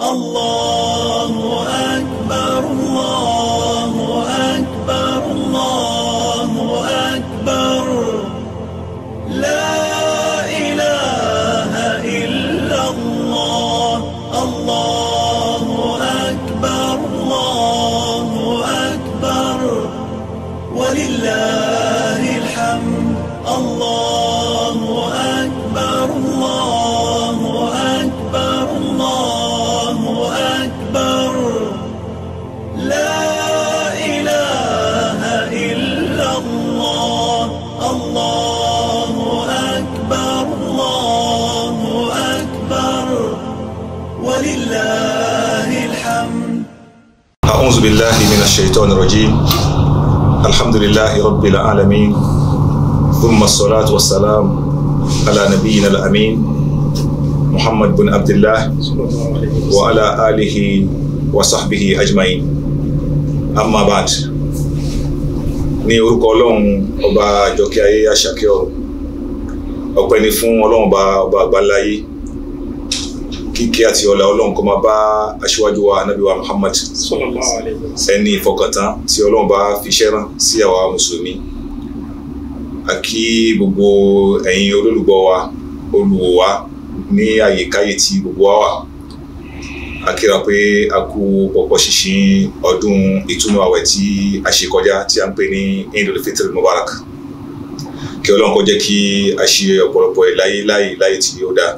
الله أكبر الشيطان الرجيم الحمد لله رب العالمين ثم الصلاة والسلام على نبينا الأمين محمد بن عبد الله وعلى آله وصحبه أجمعين أما بعد ní orúkọ ọlọ́run ọba àjọkẹ́ ayé àṣàkẹ́ ọ̀run ọpẹ́ ni fún ọlọ́run ọba ọba àgbáláyé kíkẹ́ àti ọlá ọlọ́run kó máa bá aṣíwájú wa anábì wa muhammad ẹni ìfọkàntán tí ọlọ́run bá fiṣẹ́ rán sí àwa mùsùlùmí àkí gbogbo ẹ̀yin olólùgbọ́ wa olùwò wa ní àyíkáyé tí gbogbo wa wà akíra pé a kú pọ̀pọ̀ ṣinṣin ọdún ìtúnu àwẹ̀ tí a ṣe kọjá tí a ń pè ní Eidul Fitr Mubarak kí ọlọ́run kó kí a ṣe ọ̀pọ̀lọpọ̀ láyé láyé láyé tí ó dáa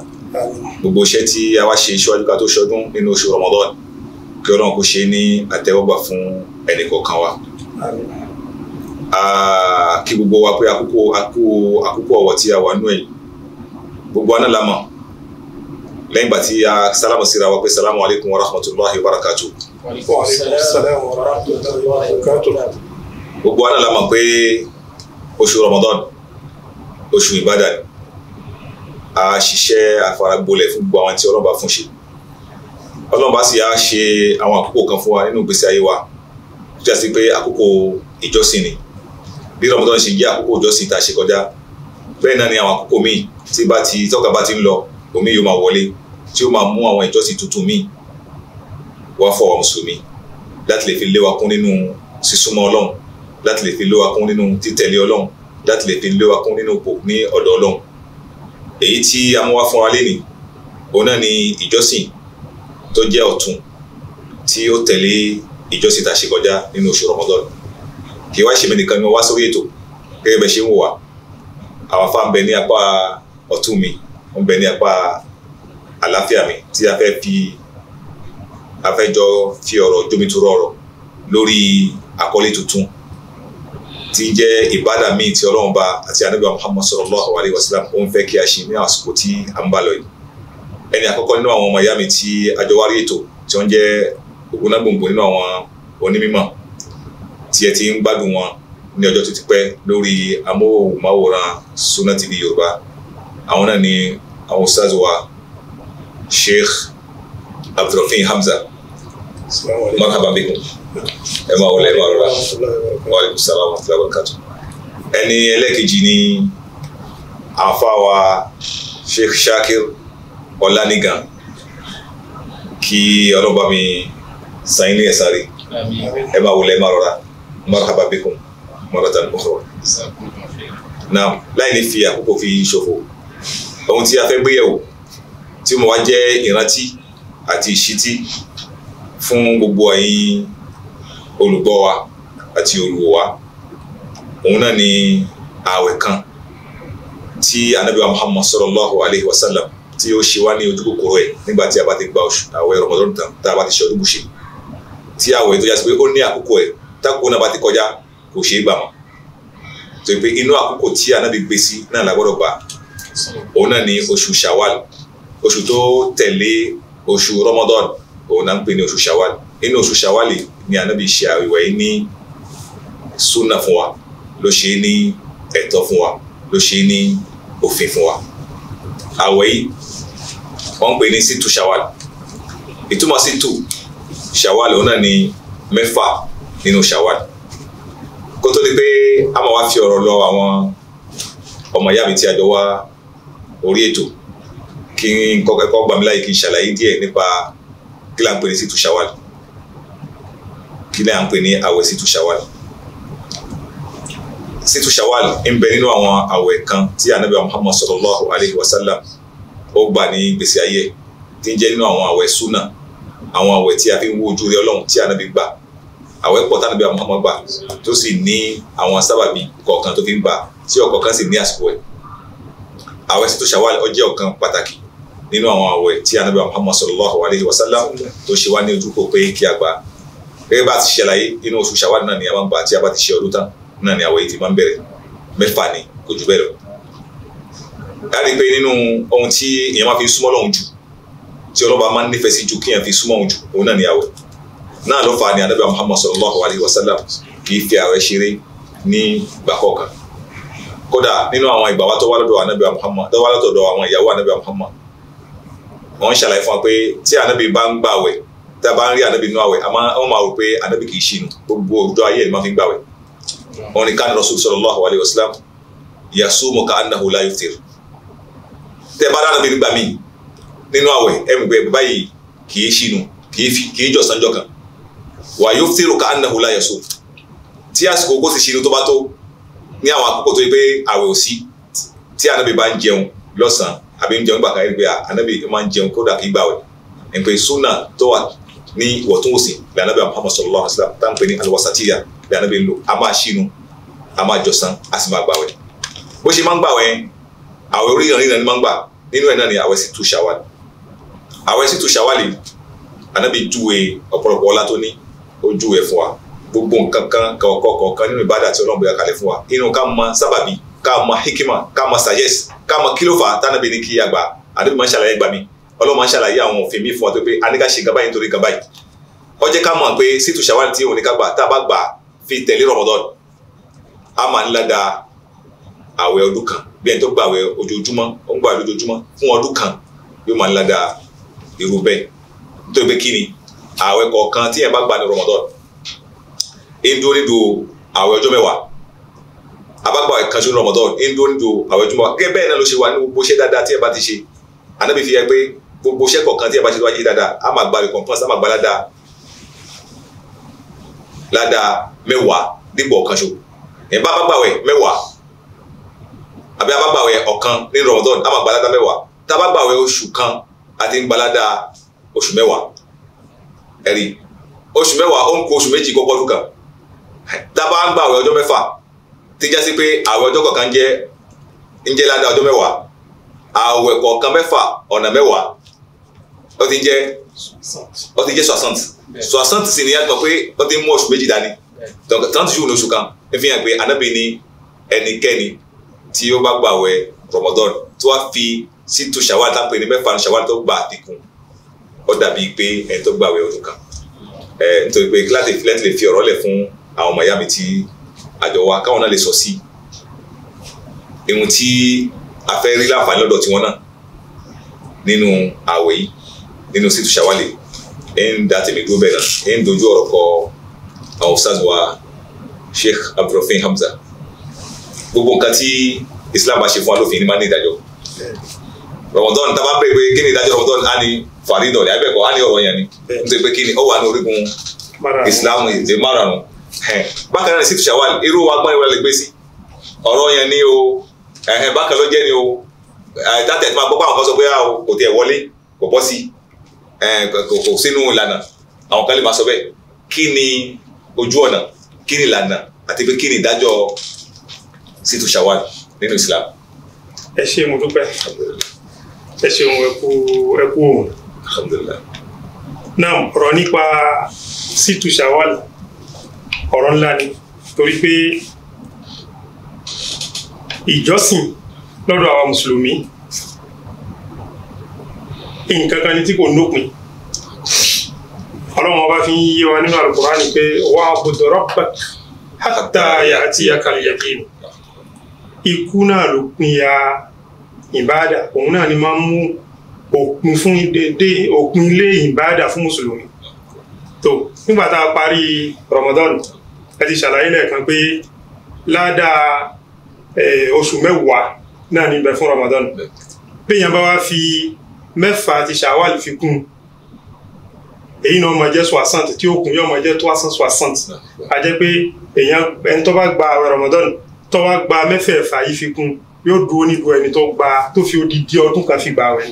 gbogbo iṣẹ́ tí a wá ṣe síwájú ká tó ṣọdún nínú oṣù Ramadan kí Ọlọ́run kó ṣe ní àtẹ́wọ́gbà fún ẹnìkọ̀ọ̀kan wa kí gbogbo wa pé àkókò àkókò ọ̀wọ̀ tí a wà nú ẹ̀ gbogbo aná la mọ̀ lẹ́yìn ìgbà tí a sálámù síra wa pé sálámù aleykum wa rahmatulahi wa barakatu. gbogbo aná la mọ̀ pé oṣù Ramadan oṣù Ìbàdàn a ṣiṣẹ́ àfaragbolẹ̀ fún gbogbo àwọn tí ọlọ́ba fún ṣe ọlọ́ba sì á ṣe àwọn àkókò kan fún wa nínú ìgbésí ayé wa tó jà sí pé àkókò ìjọsìn ni bí Ramadan ṣe jẹ́ àkókò ìjọsìn tá a ṣe kọjá bẹ́ẹ̀ náà ni àwọn àkókò míì tí bá ti tọ́ka bá ti ń lọ omi yóò máa wọlé tí ó máa mú àwọn ìjọsìn tuntun míì wá fọ àwọn mùsùlùmí láti lè fi lé kún nínú sísúnmọ́ ọlọ́run láti lè fi lé kún nínú títẹ̀lé ọlọ́run láti lè fi lé kún nínú òpó ní ọ̀dọ̀ ọlọ́run èyí tí a mú wá fún wa lénìí òun náà ni ìjọsìn tó jẹ́ ọ̀tun tí ó tẹ̀lé ìjọsìn tá a ṣe kọjá nínú oṣù Ramadan kì í wá ṣe mí nìkan ni mo wá sórí ètò gẹ́gẹ́ bẹ́ẹ̀ ṣe ń wò wá àwọn afá ń bẹ ní apá ọ̀tún mi ń bẹ ní apá àlàáfíà mi tí a fẹ́ fi a fẹ́ jọ fi ọ̀rọ̀ jómitúrọ̀ ọ̀rọ̀ lórí àkọlé tuntun tí ń jẹ́ ìbádà míì tí ọlọ́run bá àti anábìá muhammad sallallahu alayhi wa sallam ó ń fẹ́ kí a ṣe ní àsìkò tí a ń bá lọ yìí ẹni àkọ́kọ́ nínú àwọn ọmọ ìyá mi tí àjọwárí ètò tí wọ́n jẹ́ ògúnnágbòǹgbò nínú àwọn onímọ̀ tí ẹ ti ń gbádùn wọn ní ọjọ́ tó ti pẹ́ lórí amóhùnmáwòrán Sunna TV yorùbá àwọn náà ni àwọn ustaz sheikh abdulrafin hamza marhaba ẹ máa wọlé ẹ máa rọra wa aleykum salaam wa rahmatulahi wa barakatuh ẹni ẹlẹ́kejì ni àfàwà Sheikh Shakir Ọlánígan kí ọlọ́ba mi san ilé ẹ̀sán rí ẹ máa wọlé ẹ máa rọra marhaba bikum maratan ukhra náà láì ní fi àkókò fi ṣòfò ohun tí a fẹ́ gbéyẹ̀wò tí mo wá jẹ́ ìrántí àti ìṣítí fún gbogbo ẹ̀yin olùgbọ́ wa àti olùwò wa òun náà ni ààwẹ̀ kan tí anabi muhammad sallallahu alayhi wa sallam tí ó ṣe wá ní ojú kòkòrò ẹ̀ nígbà tí a bá ti gba oṣù ààwẹ̀ rọmọdún tán tá a bá ti ṣe ọdún bùṣe tí ààwẹ̀ tó yà sí pé ó ní àkókò ẹ̀ tákùn náà bá ti kọjá kò ṣeé gbà mọ́ tó yẹ pé inú àkókò tí anabi gbé sí náà la gbà òun náà ni oṣù shawal oṣù tó tẹ̀lé oṣù rọmọdún òun náà ń pè ní oṣù shawal inú oṣù ṣàwálì ni ànábì ṣe àwẹ̀wẹ̀ yìí ní súnà fún wa ló ṣe ní ẹ̀tọ́ fún wa ló ṣe ní òfin fún wa àwẹ̀ yìí wọ́n pè ní sítú ṣàwálì ìtumọ̀ sítú ṣàwálì òun ni mẹ́fà nínú ṣàwálì kó tó di pé a máa wá fi ọ̀rọ̀ lọ àwọn ọmọ ìyá mi tí a jọ wá orí ètò kí n kọ́kọ́ gbàmíláyè kí n ṣàlàyé díẹ̀ nípa kí là ń pè ní sítú ṣàwálì kílẹ̀ à ń pè ní àwẹ̀ sítú ṣawal sítú ṣawal ń bẹ nínú àwọn àwẹ̀ kan tí anabi muhammad sallallahu alayhi wa sallam ó gbà ní gbèsè ayé tí ń jẹ́ nínú àwọn àwẹ̀ súnà àwọn àwẹ̀ tí a fi ń wo ojú rẹ ọlọ́run tí anabi gbà àwẹ̀ pọ̀ tánàbí muhammad gbà tó sì ní àwọn sábàbí kọ̀ọ̀kan tó fi ń gbà tí ọ̀kọ̀ọ̀kan sì ní àsìkò ẹ̀ àwẹ̀ sítú ṣawal ó jẹ́ ọ̀kan pàtàkì nínú àwọn àwẹ̀ tí anabi muhammad sallallahu alayhi wa sallam tó ṣe wá ní ojú kò pé kí a gbà gẹ́gẹ́ bá a ti ṣàlàyé inú oṣù ṣàwá náà ni a máa ń gbà tí a bá ti ṣe ọdún tán náà ni àwẹ̀ yìí ti máa ń bẹ̀rẹ̀ mẹ́fà ni kò jù bẹ́ẹ̀ lọ. a rí i pé nínú ohun tí èèyàn máa fi súnmọ́ lọ́hùn jù tí ọlọ́ba máa ń nífẹ̀ẹ́ sí ju kéèyàn fi súnmọ́ òun jù òun náà ni àwẹ̀ náà ló fa ni ànábì Muhammad sallallahu alayhi wa sallam kì í fi àwẹ̀ ṣeré ní ìgbà kódà nínú àwọn ìgbà wa tó wá lọ́dọ̀ ànábì Muhammad tó wá lọ́dọ̀ àwọn ìyàwó ànábì Muhammad wọ́n ń ṣàlàyé fún wa pé tí ànábì bá ń gbà àwẹ̀ tá a bá ń rí ànábì inú àwẹ̀ àmọ́ wọ́n máa rò pé ànábì kì í ṣìnù gbogbo òjò ayé ẹ̀ máa fi ń gbàwẹ̀ wọn ni kan rasul sallallahu alayhi wa sallam yasumu ka annahu la yuftir tẹ bá dáná bí nígbà míì nínú àwẹ̀ ẹ̀ ń gbẹ báyìí kì í ṣìnù kì í jọ̀sán jọ kan wà yuftiru ka annahu la yasum tí àsìkò kó sì ṣìnù tó bá tó ní àwọn àkókò tó yẹ pé àwẹ̀ ò sí tí ànábì bá ń jẹun lọ́sàn-án àbí ń jẹun gbàkan Ni ìwọ̀ntúnwòsì lànà bí Muhammad sallallahu alaihi wa sallam tá à ń pè ní alwasatiya lànà bí ń lò a máa ṣínú a máa jọsan a sì máa gbàwẹ̀ bó ṣe máa ń gbàwẹ̀ àwẹ̀ oríran ni máa ń gbà nínú ẹ̀ náà ni àwẹ̀ sì tú ṣàwálì àwẹ̀ sì tú ṣàwálì ànábì júwe ọ̀pọ̀lọpọ̀ ọlá tó ní ó júwe fún wa gbogbo nǹkan kan kọ̀ọ̀kan nínú ìbádà tí Ọlọ́run bóyá fún wa inú ká mọ sábàbí ká mọ hikima ká mọ sayẹ́sì ká mọ kílófà tánàbí ní kí àgbà àdébí máa ṣàlàyé gbà ọlọ́run máa ń ṣàlàyé àwọn òfin mi fún wa tó pé a ní ká ṣe gaba yìí nítorí gaba yìí ó jẹ́ ká mọ̀ pé sítú ṣàwárí tí òun ní ká gbà tá a bá gbà fi tẹ̀lé rọmọdọ́n a máa ń láda àwẹ̀ ọdún kan bí ẹni tó gba àwẹ̀ ojoojúmọ́ ó ń gba àwẹ̀ ojoojúmọ́ fún ọdún kan yóò máa ń láda irú bẹ́ẹ̀ nítorí pé kí ni àwẹ̀ kọ̀ọ̀kan tí ẹ bá gbà ní rọmọdọ́n ìdúró nídùú àwẹ̀ ọjọ́ mẹ́wàá abagba ìkanṣu rọmọdọ́n náà ló ṣe wà ní gbogbo iṣẹ́ dáadáa tí ẹ bá ti ṣe ànábì fi yẹ pé gbogbo iṣẹ́ kọ̀ọ̀kan tí ẹ bá ṣe tó bá ṣe dáadáa á máa gba recompense á máa gba ládàá ládàá mẹ́wàá dípò ọ̀kan ṣo ẹ̀ bá abágbàwẹ̀ mẹ́wàá àbí abágbàwẹ̀ ọ̀kan ní Ramadan á máa gba ládàá mẹ́wàá tá a bá gbàwẹ̀ oṣù kan àti ń gba ládàá oṣù mẹ́wàá ẹ̀rí oṣù mẹ́wàá ó ń kó oṣù méjì kọ́kọ́ ọdún tá a bá ń gbàwẹ̀ ọjọ́ mẹ́fà tí jásí pé àwẹ̀ ọjọ́ kọ̀ọ̀kan jẹ́ ń jẹ́ ládàá ọjọ́ mẹ́wàá àwẹ̀ kọ̀ọ̀kan mẹ́fà ọ̀nà mẹ́wàá ó ti jẹ́ ó ti jẹ́ soixante soixante sì ni a gbọ́ pé ó ti mú oṣù méjì dání trente jours ní oṣù kan fi hàn pé anábì ni ẹnikẹ́ni tí ó bá gbààwẹ̀ Ramadan tó wá fi sítú ṣàwárí tá a pè ní mẹ́fà ní ṣàwárí tó gbà àdínkù ó dàbí pé ẹni tó gbààwẹ̀ ọdún kan nítorí pé láti lẹ́tì lè fi ọ̀rọ̀ lẹ̀ fún àwọn ọmọ ìyá mi tí àjọ wa káwọn náà lè sọ sí ihun tí a fẹ́ rí láǹfààní lọ́dọ̀ tiwọn náà nínú àwẹ̀ yìí nínú sítú ṣàwálì ń da tèmi dúró bẹ́ẹ̀ náà ń dojú ọ̀rọ̀ kọ àwọn ustaz sheikh abdulrafin hamza gbogbo nǹkan tí islam bá ṣe fún wa lófin ní máa ní ìdájọ́ ramadan tá a bá bẹ̀rẹ̀ pé kí ni ìdájọ́ ramadan á ní faridọ̀ ní abẹ́kọ̀ á ní ọ̀rọ̀ yẹn ni nítorí pé kí ni ó wà ní orígun islam èdè márùn-ún bákan náà ní sítú ṣàwálì irú agbọ́n ìwé lè sí ọ̀rọ̀ yẹn ni o bákan ló jẹ́ ni o tátẹ̀ tí máa gbọ́ pé àwọn kan sọ pé ah, kò tiẹ̀ wọlé kò bọ́ sí kò kò sínú ìlànà àwọn kan lè máa sọ bẹ́ẹ̀ kí ni ojú ọ̀nà kí ni ìlànà àti pé kí ni ìdájọ́ sítú shawal nínú Islam. ẹ ṣe mo dúpẹ́ ẹ ṣeun ẹ kú òun. alhamdulillah. náà ọ̀rọ̀ nípa sítú shawal ọ̀rọ̀ ńlá ni torí pé ìjọsìn lọ́dọ̀ àwa mùsùlùmí nǹkan kan ní tí kò nópin ọlọ́run ọba fi ń yé wa nínú alukurani pé wà á gbọdọ̀ rọ́pà hátà àyà àti àkàlẹ̀ yàgéèmù ikú náà ló pin ya ìbáàdà òun náà ni máa ń mú òpin fún dédé òpin ilé ìbáàdà fún mùsùlùmí tó nígbà tá a parí Ramadan a ti ṣàlàyé lẹ́ẹ̀kan pé ládàá eh, oṣù mẹ́wàá náà níbẹ̀ fún Ramadan béèyàn bá wá fi mẹ́fà ti ṣàwálì fi kún un èyí náà máa jẹ́ soixante tí ó kún yóò máa jẹ́ trois soixante a jẹ́ pé èèyàn ẹni tó bá gba Ramadan tó bá gba mẹ́fẹ̀ẹ̀fà yìí fi kún yóò dúró nídùú ẹni tó gba tó fi odidi ọdún kan fi gba àwẹ̀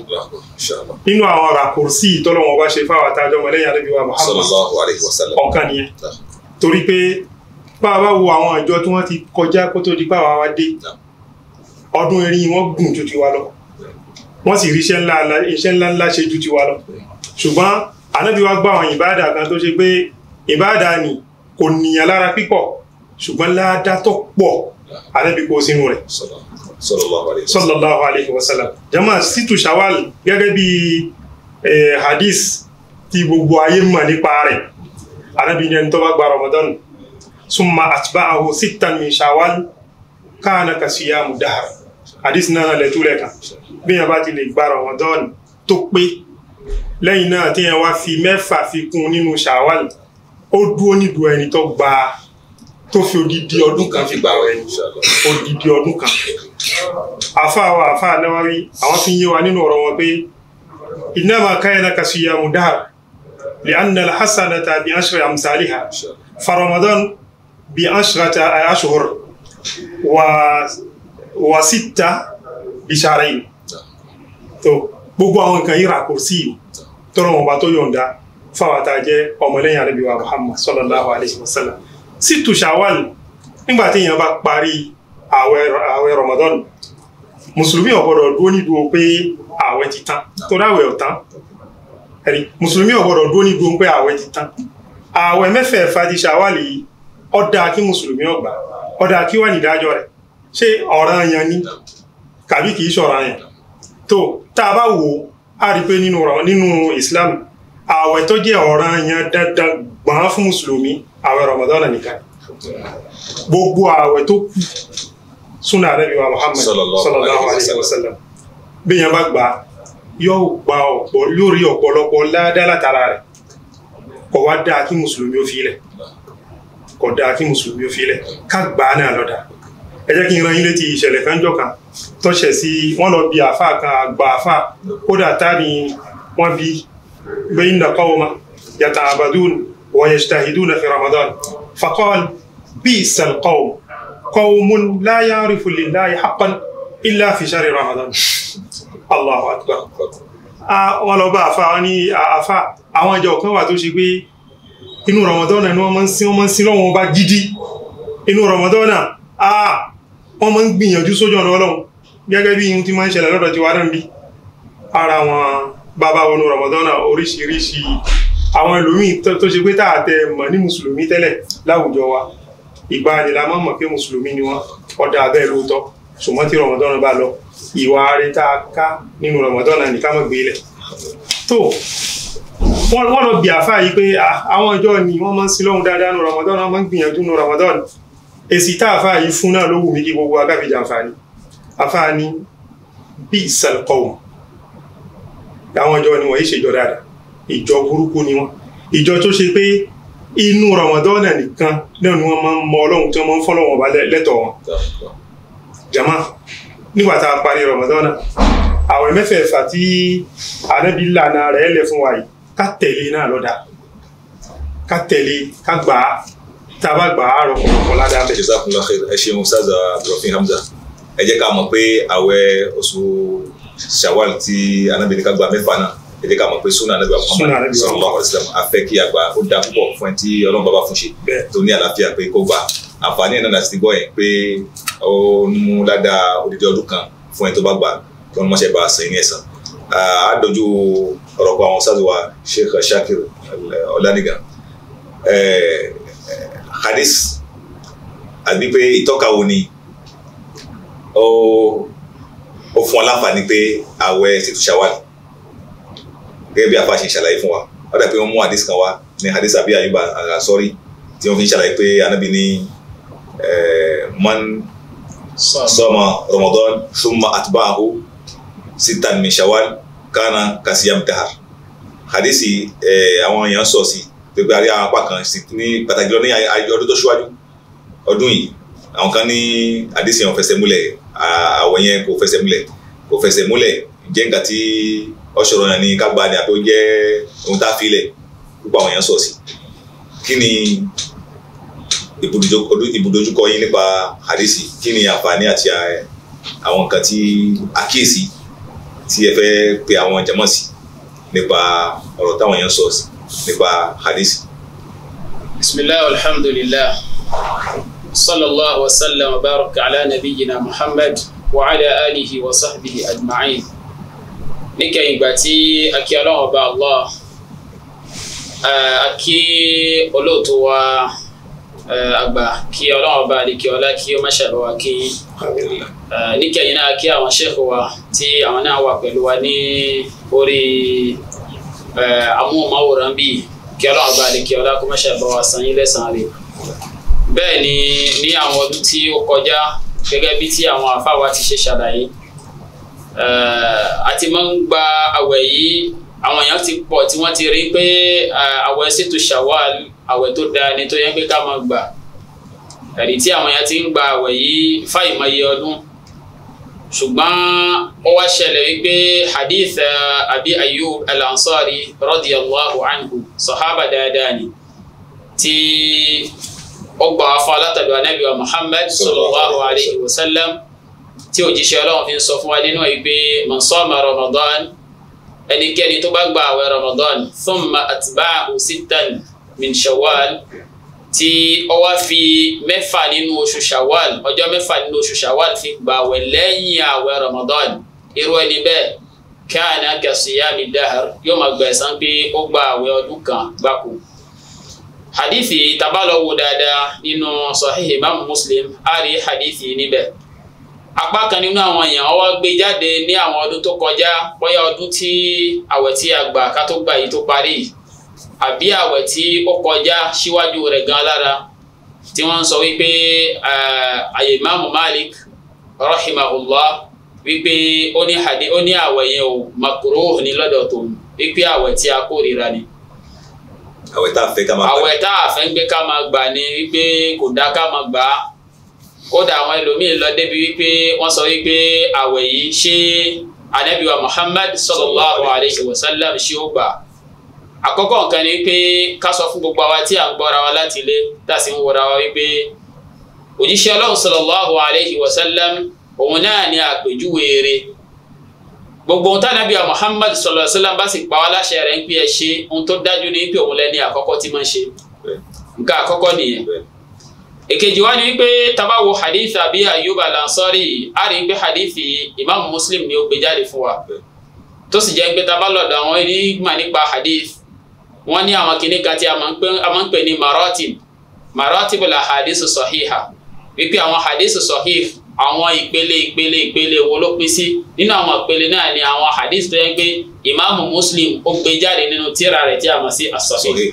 nínú àwọn ràkòrsí tọ́lọ́wọ́n bá ṣe fáwọn àtàjọ mọ̀lẹ́yìn Ànábì wa Muhammad ọ̀kan nìyẹn torí pé bá a bá wo àwọn àjọ tí wọ́n ti kọjá kó di pàwọn àwa dé ọdún erin wọn gùn ju ti wa lọ wọ́n sì rí iṣẹ́ ńlá iṣẹ́ ńlá ńlá ṣe ju tiwa lọ ṣùgbọ́n ànábì wa gbọ́ àwọn ìbáàdà kan tó ṣe pé ìbáàdà ni kò nìyàn lára pípọ̀ ṣùgbọ́n ládàá tó pọ̀ ànábì kó sínú rẹ̀ sallallahu alayhi wa sallam jama situ shawal gẹ́gẹ́ bí eh, hadith tí gbogbo ayé mọ̀ nípa rẹ̀ ànábì ní ẹni tó bá gba ramadan summa atba'ahu sittan min shawal kana ka siyamu dahr àdísì náà lẹ̀ túlẹ̀ kan bí yẹn bá ti lè gba Ramadan tó pé lẹ́yìn náà tí yẹn wá fi mẹ́fà fi kún nínú Shawwal ó dúró nídùú ẹni tó gba tó fi odidi ọdún kan fi gbàwẹ̀ ẹni odidi ọdún kan àfa wa àfa Nawawi àwọn fi ń yé wa nínú ọ̀rọ̀ wọn pé innama kana kasiyamu dahr li'anna al-hasanata bi ashri amsalha fa Ramadan bi ashrata ashhur wa wà síta bíṣàrẹ́ yìí tó gbogbo àwọn nǹkan yìí ràkùrsí yìí tọ́rọ wọn bá tó yọ̀ǹda fáwàtà jẹ́ ọmọlẹ́yìn ànábì Muhammad sallallahu alayhi wa sallam sí tù ṣàwàl nígbà tí èèyàn bá parí àwẹ̀ Ramadan mùsùlùmí ò gbọ́dọ̀ dúó nídùú pé àwẹ̀ ti tán tó dáwẹ̀ ò tán ẹ̀rí mùsùlùmí ò gbọ́dọ̀ dúó nídùú pé àwẹ̀ ti tán àwẹ̀ mẹ́fẹ̀ẹ̀fà ti ṣàwàl yìí ó kí mùsùlùmí ó gbà kí wà nídájọ́ rẹ̀ ṣé ọ̀ranyàn ni tàbí kìí ṣọ̀ranyàn tó tá a bá wò á rí pé nínú Islam ààwẹ̀ tó jẹ́ ọ̀ranyàn dandan gbọ́n fún mùsùlùmí ààwẹ̀ Ramadan nìkan gbogbo ààwẹ̀ tó kù súnà Ànábì wa Muhammad sallallahu alayhi wa sallam bí yẹn bá gbà yóò gba ọ̀pọ̀ lórí ọ̀pọ̀lọpọ̀ ládá látara rẹ̀ kò wá dáa kí mùsùlùmí ó fi lẹ̀ kò dáa kí mùsùlùmí ó fi lẹ̀ ká gbà náà lọ́dà ẹ jẹ́ kí n ran yín létí ìṣẹ̀lẹ̀ kan jọ̀kan tó ṣẹ̀ sí wọ́n lọ bí àáfà kan àgbà àáfà kódà táàbí wọ́n bí gbé ń dàkọ́ wọn yàtà àbàdùn wọ́n yẹ ṣàhìdùn fi Ramadan fakọ́l bí ìsàlkọ́ qawmun la ya'rifu lillahi haqqan illa fi shahri Ramadan Allahu akbar wọ́n lọ bá àáfà wọn ní àáfà àwọn ìjọ kan wà tó ṣe pé inú Ramadan ni wọ́n máa ń sin wọ́n máa ń sin lọ́wọ́n bá gidi inú Ramadan náà wọ́n máa ń gbìyànjú sójú ọ̀nà ọlọ́run gẹ́gẹ́ bí ihun tí máa ń ṣẹlẹ̀ lọ́dọ̀ tiwa náà bí ara wọn bàbá wọnú Ramadan oríṣiríṣi àwọn ẹlòmíì tó ṣe pé tààtẹ mọ̀ ní mùsùlùmí tẹ́lẹ̀ láwùjọ wa ìgbàanì la mọ̀ mọ̀ pé mùsùlùmí ni wọ́n ọ̀dà abẹ́ lóòótọ́ ṣùgbọ́n tí Ramadan bá lọ ìwà arẹta ká nínú Ramadan ní ká mọ̀ gbé lẹ̀ tó wọ́n lọ bí àfáà yìí pé àwọn ọjọ́ ni wọ́n máa ń sin lọ́hùn dáadáa nínú Ramadan wọ́n máa ń gbìyànjú nínú Ramadan èsì tá àfáà yìí fún náà ló wù mí kí gbogbo agábìjà àǹfààní àfáà ní bí ìsàlùkọ̀wọ̀ àwọn ìjọ ni wọ́n yìí ṣèjọ dáadáa ìjọ burúkú ni wọ́n ìjọ tó ṣe pé inú rọmọdọ́nà nìkan náà ni wọ́n máa ń mọ ọlọ́run tí wọ́n máa ń fọ́lọ́ wọn bá lẹ́tọ̀ọ́ wọn jama nígbà tá a parí rọmọdọ́nà àwọn mẹ́fẹ̀ẹ̀fà tí anábì lànà rẹ̀ lẹ̀ fún wa yìí ká tẹ̀lé e náà lọ́dà ká tẹ̀lé e, ká gbà tá a bá gbà á rọ ọ̀pọ̀lọpọ̀ ládàá bẹ̀. jesus kunle ẹ ṣeun sáza uh, Rofin Hamza ẹ jẹ́ ká mọ̀ pé àwẹ̀ oṣù Shawwal tí Ànábì ní ká gba mẹ́fà náà ẹ jẹ́ ká mọ̀ pé sunna Ànábì Muhammad sallallahu alaihi wasallam a fẹ́ kí a gbà ó da púpọ̀ fún ẹ tí Ọlọ́run bàbá fún ṣe tó ní àlàáfíà pé kó gbà àǹfààní náà láti gbọ́ yẹn pé ó ń mú ládàá odidi ọdún kan fún ẹ tó bá gbà kí wọ́n mọ̀ṣẹ́ bá a sẹ́yìn ẹ̀sán a dojú ọ̀rọ̀ pa àwọn sáàdùwà Sheikh Shakir Ọlánígan Hadis àbí pé ìtọ́ka wo ni ó ó fún ọ láǹfààní pé àwẹ̀ ṣètò ṣàwàlì gẹ́gẹ́ bí afa ṣe ṣàlàyé fún wa wọ́n dà pé wọ́n mú hadith kan wá ní hadith àbí àyùbá àgàsọ́rí tí wọ́n fi ṣàlàyé pé anábì ní eh, man sọ́mọ ramadan summa atba'ahu sitan min shawal kana kasiyam dahar hadisi eh, àwọn èèyàn sọ sí gbogbo àríyá apá kan ní pàtàkì lọ ní ọdún tó ṣíwájú ọdún yìí àwọn kan ní adésìyàn ò fẹsẹ̀ múlẹ̀ àwọ̀ yẹn kò fẹsẹ̀ múlẹ̀ kò fẹsẹ̀ múlẹ̀ jẹ́ nǹkan tí ọ̀ṣọ̀rọ̀ yẹn ní kágbá ni àbí ó jẹ́ ohun tá a fi lẹ̀ púpọ̀ àwọn èèyàn sọ̀ sí kí ni ibùdójúkọ yín nípa hadisi kí ni àǹfààní àti àwọn nǹkan tí àkíyèsí tí ẹ fẹ́ pe àwọn jàmọ́ sí nípa ọ̀rọ̀ táwọn èèyàn sọ̀ sí nípa hadith. bisimilahi alhamdulillah sallallahu wa sallam wa baraka ala nabiyina muhammad wa ala alihi wa sahbihi ajma'in níkẹyìn ìgbà tí a kí ọlọ́run ọba allah a kí olóòtú wa àgbà kí ọlọ́run ọba àdìkí ọlá kí ó má ṣàbẹ̀ wa kí níkẹyìn náà kí àwọn ṣẹ́kù wa tí àwọn náà wà pẹ̀lú wa ní orí amóhùnmáwòrán eh, bíi kí ọlọ́run bá lè kí ọlá kó mọ́ṣẹ́ bá wa san yín lẹ́sàn-án rẹ̀ bẹ́ẹ̀ ni ní àwọn ọdún tí ó kọjá gẹ́gẹ́ bí tí àwọn àfáà wa ti ṣe ṣàlàyé àti eh, máa ń gba àwẹ̀ yìí àwọn èèyàn ti pọ̀ tí wọ́n ti rí pé eh, àwẹ̀ ṣètò ṣàwàl àwẹ̀ tó dáa ni tó yẹ pé ká máa gbà ẹ̀rí tí àwọn èèyàn ti ń gba àwẹ̀ yìí fáìmọye ọdún ṣùgbọ́n ó wá ṣẹlẹ̀ wípé hadith eh, abi ayub al-ansari radiyallahu anhu sahaba dáadáa ni tí ó gbà wá fún alátàdúrà nàbí wa muhammad sallallahu alayhi wa sallam tí òjíṣẹ́ ọlọ́run fi ń sọ fún wa nínú ìgbé man ramadan ẹnikẹ́ni tó bá gba àwẹ̀ ramadan thumma atba'ahu sittan min shawwal tí ó wá fi mẹ́fà nínú oṣù shawal ọjọ́ mẹ́fà nínú oṣù shawal fi gbààwẹ̀ lẹ́yìn àwẹ̀ ramadan irú ẹni bẹ́ẹ̀ káàní akẹ́sìyàmì dáhàr yóò máa gba ẹ̀san pé ó gba àwẹ̀ ọdún kan gbáko. hadithi tabalọ́wọ́ dáadáa nínú sahih imam muslim a hadithi níbẹ̀ apá kan nínú àwọn èèyàn wọ́n wá gbé jáde ní àwọn ọdún tó kọjá bóyá ọdún tí àwẹ̀ tí a gbà ká tó gbà yìí tó parí yìí àbí àwẹ̀ tí ó kọjá síwájú rẹ̀ gan lára tí wọ́n sọ wípé àyè Imamu Malik rahimahullah wípé ó ní hadi ó ní àwẹ̀ yẹn o makruh ní lọ́dọ̀ tó wípé àwẹ̀ tí a kórìíra ni. àwẹ̀ tá a fẹ́ ká máa gbà. àwẹ̀ tá a fẹ́ gbé ká máa gbà ni wípé kò dá ká máa gbà á kódà àwọn ẹlòmíín lọ débi wípé wọ́n sọ wípé àwẹ̀ yìí ṣé anabiwa Muhammad sallallahu alayhi wa sallam ṣé ó gbà á àkọ́kọ́ nǹkan ni pé ká sọ fún gbogbo àwa tí à ń gbọ́ra wa láti ilé tá a sì ń wọra wa wípé òjíṣẹ́ ọlọ́run sallallahu alayhi wa sallam òun náà ni àpèjúwe rẹ̀ gbogbo ohun tánàbí Muhammad sallallahu alayhi wa sallam bá sì pa wá láṣẹ rẹ̀ ń pé ẹ ṣe ohun tó dájú ni pé òun lẹ́ni àkọ́kọ́ tí máa ń ṣe nǹkan àkọ́kọ́ nìyẹn èkejì wá ni wípé tábà wo hadith àbí Ayyub al-Ansari a rí pé hadith Imam Muslim ni ó gbé jáde fún wa tó sì jẹ́ pé tábà lọ́dọ̀ àwọn onímọ̀ nípa hadith wọ́n ní àwọn kìnnì kan tí a máa ń pè ní maratib maratib la hadisu sahiha wípé àwọn hadisu sahih àwọn ìpele ìpele ìpele wo ló pín sí nínú àwọn ìpele náà ni àwọn hadith tó yẹ pé ìmáàmù muslim ó gbé jáde nínú tírà rẹ̀ tí a mọ̀ sí as-sahih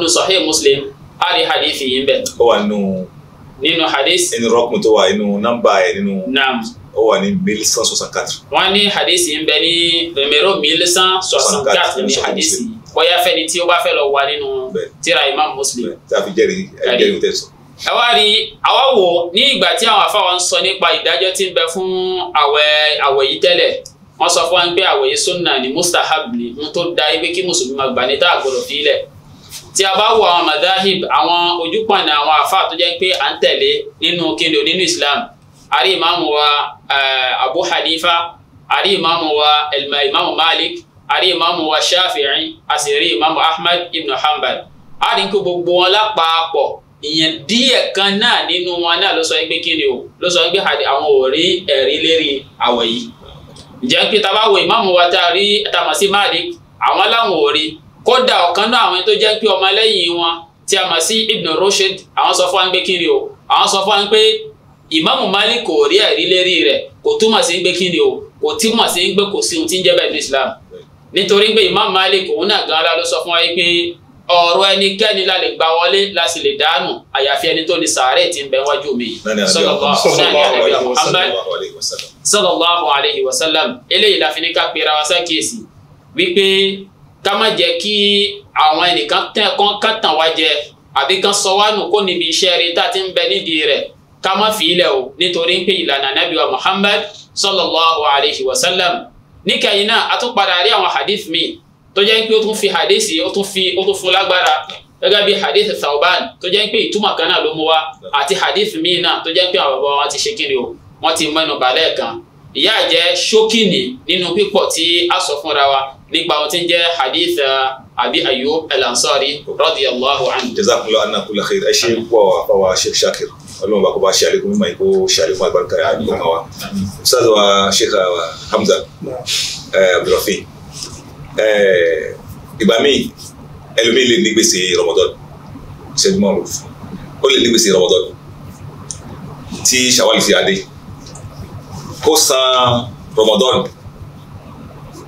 nu sahih muslim a rí hadith yìí ń bẹ̀. ó wà nínú. nínú hadith. nínú rọ́kùn tó wà nínú nọ́mbà ẹ̀ nínú. naam ó wà ní mille cent soixante quatre. wọ́n ní hadisi ń bẹ ní numéro mille cent soixante quatre ní hadisi bóyá fẹ́ni tí ó bá fẹ́ lọ wà nínú tírà imam muslim. tàbí jẹ́rìí jẹ́rìí tẹ̀ sọ ẹ wá rí àwa wò ní ìgbà tí àwọn afáwọn sọ nípa ìdájọ́ tí ń bẹ fún àwẹ̀ àwẹ̀ yìí tẹ́lẹ̀ wọ́n sọ fún wa pé àwẹ̀ yìí sunna ni mustahab ni ohun tó da ibi kí mùsùlùmí máa gbà ní tá a gbọ́dọ̀ fi ilẹ̀ tí a bá wo àwọn madahib àwọn ojúpọ̀nà àwọn afá tó jẹ́ pé à ń tẹ̀lé nínú kíni nínú islam ari imaamu wa uh, abu hanifa ari imaamu wa imaamu malik ari imaamu wa shafi'i asiri imaamu ahmad ibn hanbal ari nkú gbogbo wọn lápapọ̀ ìyẹn díẹ̀ kan náà nínú wọn náà ló sọ pé kíni o ló sọ pé àwọn ò rí ẹ̀rí lérí àwọ̀ yìí ǹjẹ́ pé tábà wo wa tá rí tamọ̀ sí malik àwọn láwọn ò rí kódà ọ̀kan náà àwọn tó jẹ́ pé ọmọlẹ́yìn wọn tí a sí ibn rushd àwọn sọ fún wa pé kíni o àwọn sọ fún wa pé ìmáàmù Malik kò rí ẹ̀rí lérí rẹ̀ kò túmọ̀ sí gbé kí o kò túmọ̀ sí gbé kò sí ohun tí ń jẹ́ bẹ́ẹ̀ ní Islam nítorí pé ìmáàmù Malik òun náà gan la ló sọ fún wa pé ọ̀rọ̀ ẹnikẹ́ni la lè gba wọlé la sì lè dànù àyàfi ẹni tó ní sàárè tí ń bẹ wájú mi sallallahu alayhi wa sallam eléyìí la fi ní ká pera wa sákìyèsí wípé ká má jẹ́ kí àwọn ẹnìkan tẹ̀ kán tàn wá jẹ àbí kán sọ wá nù kó níbi iṣẹ́ rí tá a ti ń bẹ nídìí rẹ̀ ká má fi ilẹ̀ o nítorí pé ìlànà nàbí wa muhammad sallallahu alayhi wa sallam níkẹyìn náà a tún padà rí àwọn hadith mi tó jẹ́ pé ó tún fi hadith yìí ó tún fi ó tún fún lágbára gẹ́gẹ́ bí hadith thauban tó jẹ́ pé ìtumọ̀ kan náà ló mú wa àti hadith mi náà tó jẹ́ pé àwọn bàbá wa ti ṣe kiri o wọ́n ti mẹ́nu balẹ̀ kan ìyá jẹ́ ṣókìnì nínú pípọ̀ tí a sọ fúnra wa nípa ohun tí ń jẹ́ hadith uh, abi ayub al-ansari anhu. jazakumullahu anna kulla khair ẹ pọ̀ àpá wa sheikh Ọlọ́run bá kó bá ṣe àlékún mímọ́ yìí kó ṣe àlékún àgbàlùkà àdìgbò wa ustaz wa sheikh uh, hamza uh, abdulrafin uh, ìgbà míì ẹlòmíì lè ní gbèsè ramadan ṣẹ́jú márùn ó lè ní gbèsè ramadan tí ṣàwálì sí adé kó san ramadan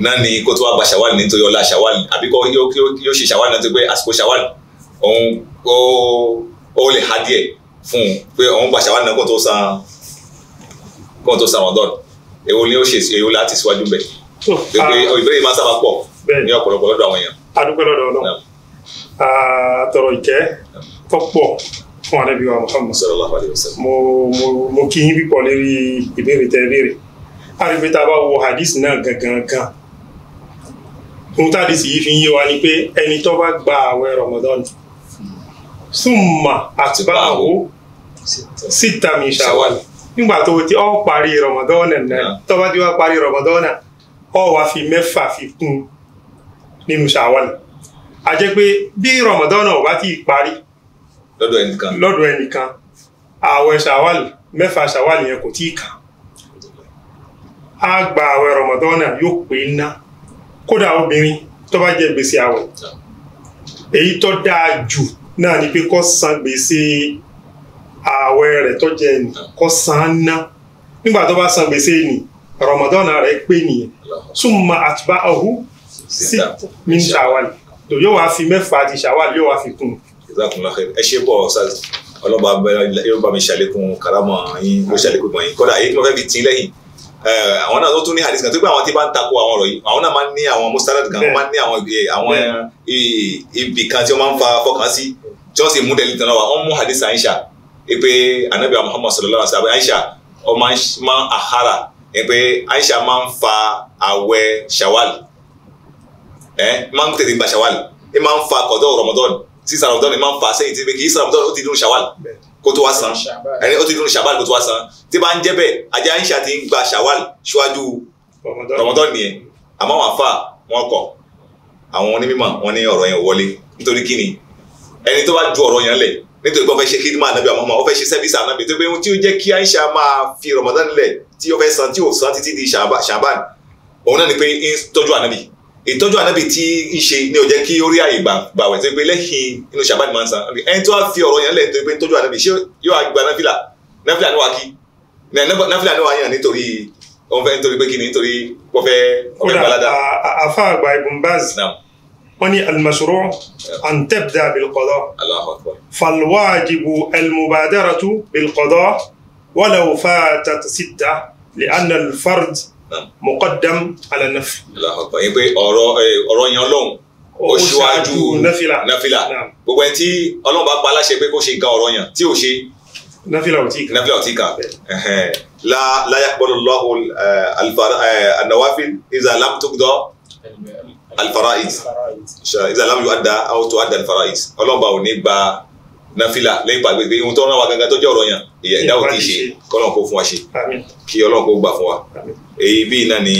náà ni kó tó wá gba ṣàwálì nítorí ọlá ṣàwálì àbí kó yóò ṣe ṣàwálì náà tó pé àsìkò ṣàwálì òun ó lè há díẹ̀ fún un pé òun gba ṣàwọn náà kó tó san kó tó san ọdọ èwo ni ó ṣe èwo láti síwájú bẹ hmm. pé ah. ìbéèrè máa sábà pọ̀ ní ọ̀pọ̀lọpọ̀ lọ́dọ̀ àwọn èèyàn. adúpẹ́ lọ́dọ̀ Ọlọ́run àtọ̀rọ̀ ìkẹ́ tọ́pọ̀ fún Ànábì wa Muhammad sallallahu alaihi wasallam mo mo mo kí yín pípọ̀ lérí ìbéèrè tẹ́ béèrè àrígbé tá a bá wo hadith náà gangan gan ohun tá a dì sí yìí fi ń yé wa ni pé ẹni tó bá gba àwẹ̀ Ramadan súnmà àtibáwò síta mi ṣàwálì nígbà tó ti ọ parí rọmọdọ́nà náà tó bá ti wá parí rọmọdọ́nà ọ wá fi mẹ́fà fi kún nínú ṣàwálì a jẹ́ pé bí rọmọdọ́nà ò bá ti parí lọ́dọ̀ ẹnìkan lọ́dọ̀ ẹnìkan ààwẹ̀ ṣàwálì mẹ́fà ṣàwálì yẹn kò tí ì kàn á gba ààwẹ̀ rọmọdọ́nà yóò pé ná kódà obìnrin tó jẹ gbèsè ààwẹ̀ èyí tó dáa jù náà ni pé kó san gbèsè ààwẹ̀ rẹ̀ tó jẹ nì kó san án ná nígbà tó bá san gbèsè nì Ramadan rẹ̀ pé nìyẹn summa atba'ahu sí min Shawwal tó yóò wá fi mẹ́fà ti Shawwal yóò wá fi kún un. ẹ ṣe bọ̀ ṣáàzì ọlọ́ba yóò bá mi ṣàlékún karama yín ló ṣàlékún gbọ̀n yín kódà èyí tí mo fẹ́ fi tin lẹ́yìn eh, àwọn náà tó tún ní hadith kan tó gbé àwọn tí bá ń takò àwọn ọ̀rọ̀ yìí àwọn náà máa ń ní àwọn mustanad kan máa ń ní àwọn eh, eh, ibì kan tí wọ́n máa ń fa fọkàn sí tí mú ipe anabi muhammad sallallahu alaihi wa sallam aisha ọmọ máa ahara ipe aisha máa ń fa àwẹ̀ shawal ẹ máa ń tètè gba shawal ẹ máa ń fa kọdọ ramadan sísan ramadan ẹ máa ń fa sẹ́yìn tí ibi kì í ramadan ó ti dúró shawal kó tó wá san ẹni ti dúró shawal kó tó wá san tí bá ń jẹ́ aisha ti gba shawal ṣíwájú ramadan nìyẹn àmọ́ wọn fa wọn kọ àwọn onímọ̀ wọn ní ọ̀rọ̀ yẹn wọlé nítorí kíni ẹni tó bá ju ọ̀rọ̀ yẹn lẹ̀ nítorí pé ó fẹ́ ṣe hidima anabi àmọ́ ó fẹ́ ṣe sẹ́fíìsì anabi tó pé tí ó jẹ́ kí Aisha máa fi Ramadan lẹ̀ tí ó fẹ́ san tí ò san títí di Shaban òun náà ni pé ń tọ́jú ìtọ́jú anabi tí ń ṣe ni ò jẹ́ kí ó rí àyè gbàwẹ̀ tó pé lẹ́yìn inú Shaban máa ń san ẹni tó wá fi ọ̀rọ̀ yẹn lẹ̀ tó pé ń tọ́jú ṣé yóò gba náfìlà náfìlà ni wàá kí náfìlà ni wàá yàn وني المشروع أن تبدأ بالقضاء الله أكبر فالواجب المبادرة بالقضاء ولو فاتت ستة لأن الفرد مقدم على النفل الله أكبر يبقى أرى أرى يلون ó ṣíwájú náfìlà gbogbo ẹni tí ọlọ́run bá pa aláṣẹ pé kó ṣe nǹkan ọ̀rọ̀ yàn tí ò ṣe náfìlà ò tí kà la la yaqbalu Allahu eh, al-nawafil eh, iza lam tuqda alifara'id iza lam yu'adda aw tu'adda alifara'id ọlọ́mọba ò ní gba nafila lẹ́yìn pàgbé pé ohun tó ń rán wa gangan tó jẹ́ ọ̀rọ̀ yàn ìyá ìdáwó kì í ṣe kọ́lọ́n kó fún wa ṣe kí ọlọ́run kó gbà fún wa èyí bíi náà ni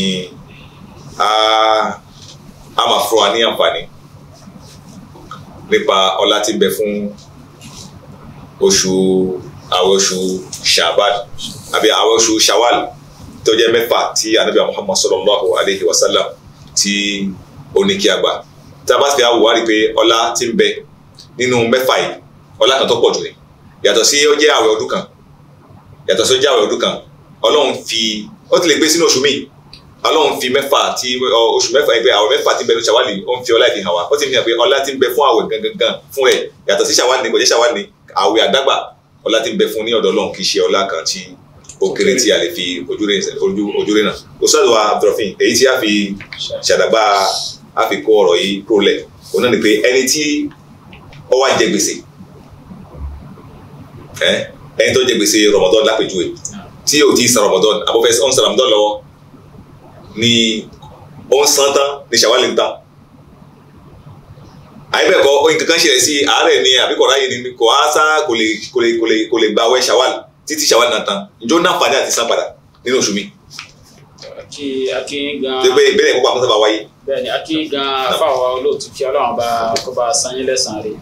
a máa fún wa ní àǹfààní nípa ọlá tí ń bẹ fún oṣù àwọn oṣù shaban àbí àwọn oṣù shawal tó jẹ́ mẹ́fà tí anabi muhammad sallallahu alayhi wa sallam ti òní kí a gbà tá a bá ti fi àwò wá rí i pé ọlá ti ń bẹ nínú mẹ́fà yìí ọlá kan tó pọ̀ jù ni yàtọ̀ sí ó jẹ́ àwẹ̀ ọdún kan yàtọ̀ sí ó jẹ́ àwẹ̀ ọdún kan ọlọ́run fi ó ti lè gbé sínú oṣù míì ọlọ́run fi mẹ́fà tí oṣù mẹ́fà ẹgbẹ́ àwẹ̀ mẹ́fà ti ń ṣàwálì ó ń fi ọlá ìfi hàn wá ó ti fi hàn pé ọlá ti ń bẹ fún àwẹ̀ gangan fún ẹ yàtọ̀ sí ṣàwálì ni kò jẹ́ ṣàwálì ni àwẹ̀ àdágbà ọlá ti ń bẹ fún ní ọ̀dọ̀ ọlọ́run kì í ṣe ọlá kan tí ó kéré tí a lè fi ojúre náà òṣèlú abdulrafin èyí tí a fi ṣàdàgbà a fi kó ọ̀rọ̀ yìí rólẹ̀ òun náà ni pé ẹni tí ó wá jẹ gbèsè ẹni tó jẹ gbèsè Ramadan lápèjúwe tí o ti san Ramadan abọ́fẹ́ ọ̀n san Ramadan lọ́wọ́ ni ó ń tán ni ṣàwálì ń tán àyẹ̀bẹ̀kọ oyin kankan ṣẹlẹ̀ sí àárẹ̀ ni àbíkọ̀ ráyè ni kò á sá kò lè kò lè kò lè kò lè gba àwẹ̀ ṣàwálì títí ṣàwálì náà tán njó náà fàdé àti san padà nínú oṣù mi. àti àti gan. tó gbé ìbéèrè ìkópa àmọ́ sábà wáyé bẹ́ẹ̀ni a kí gan afáwa olóòtú kí Ọlọ́run bá kó bá sanyín lẹ́san rẹ̀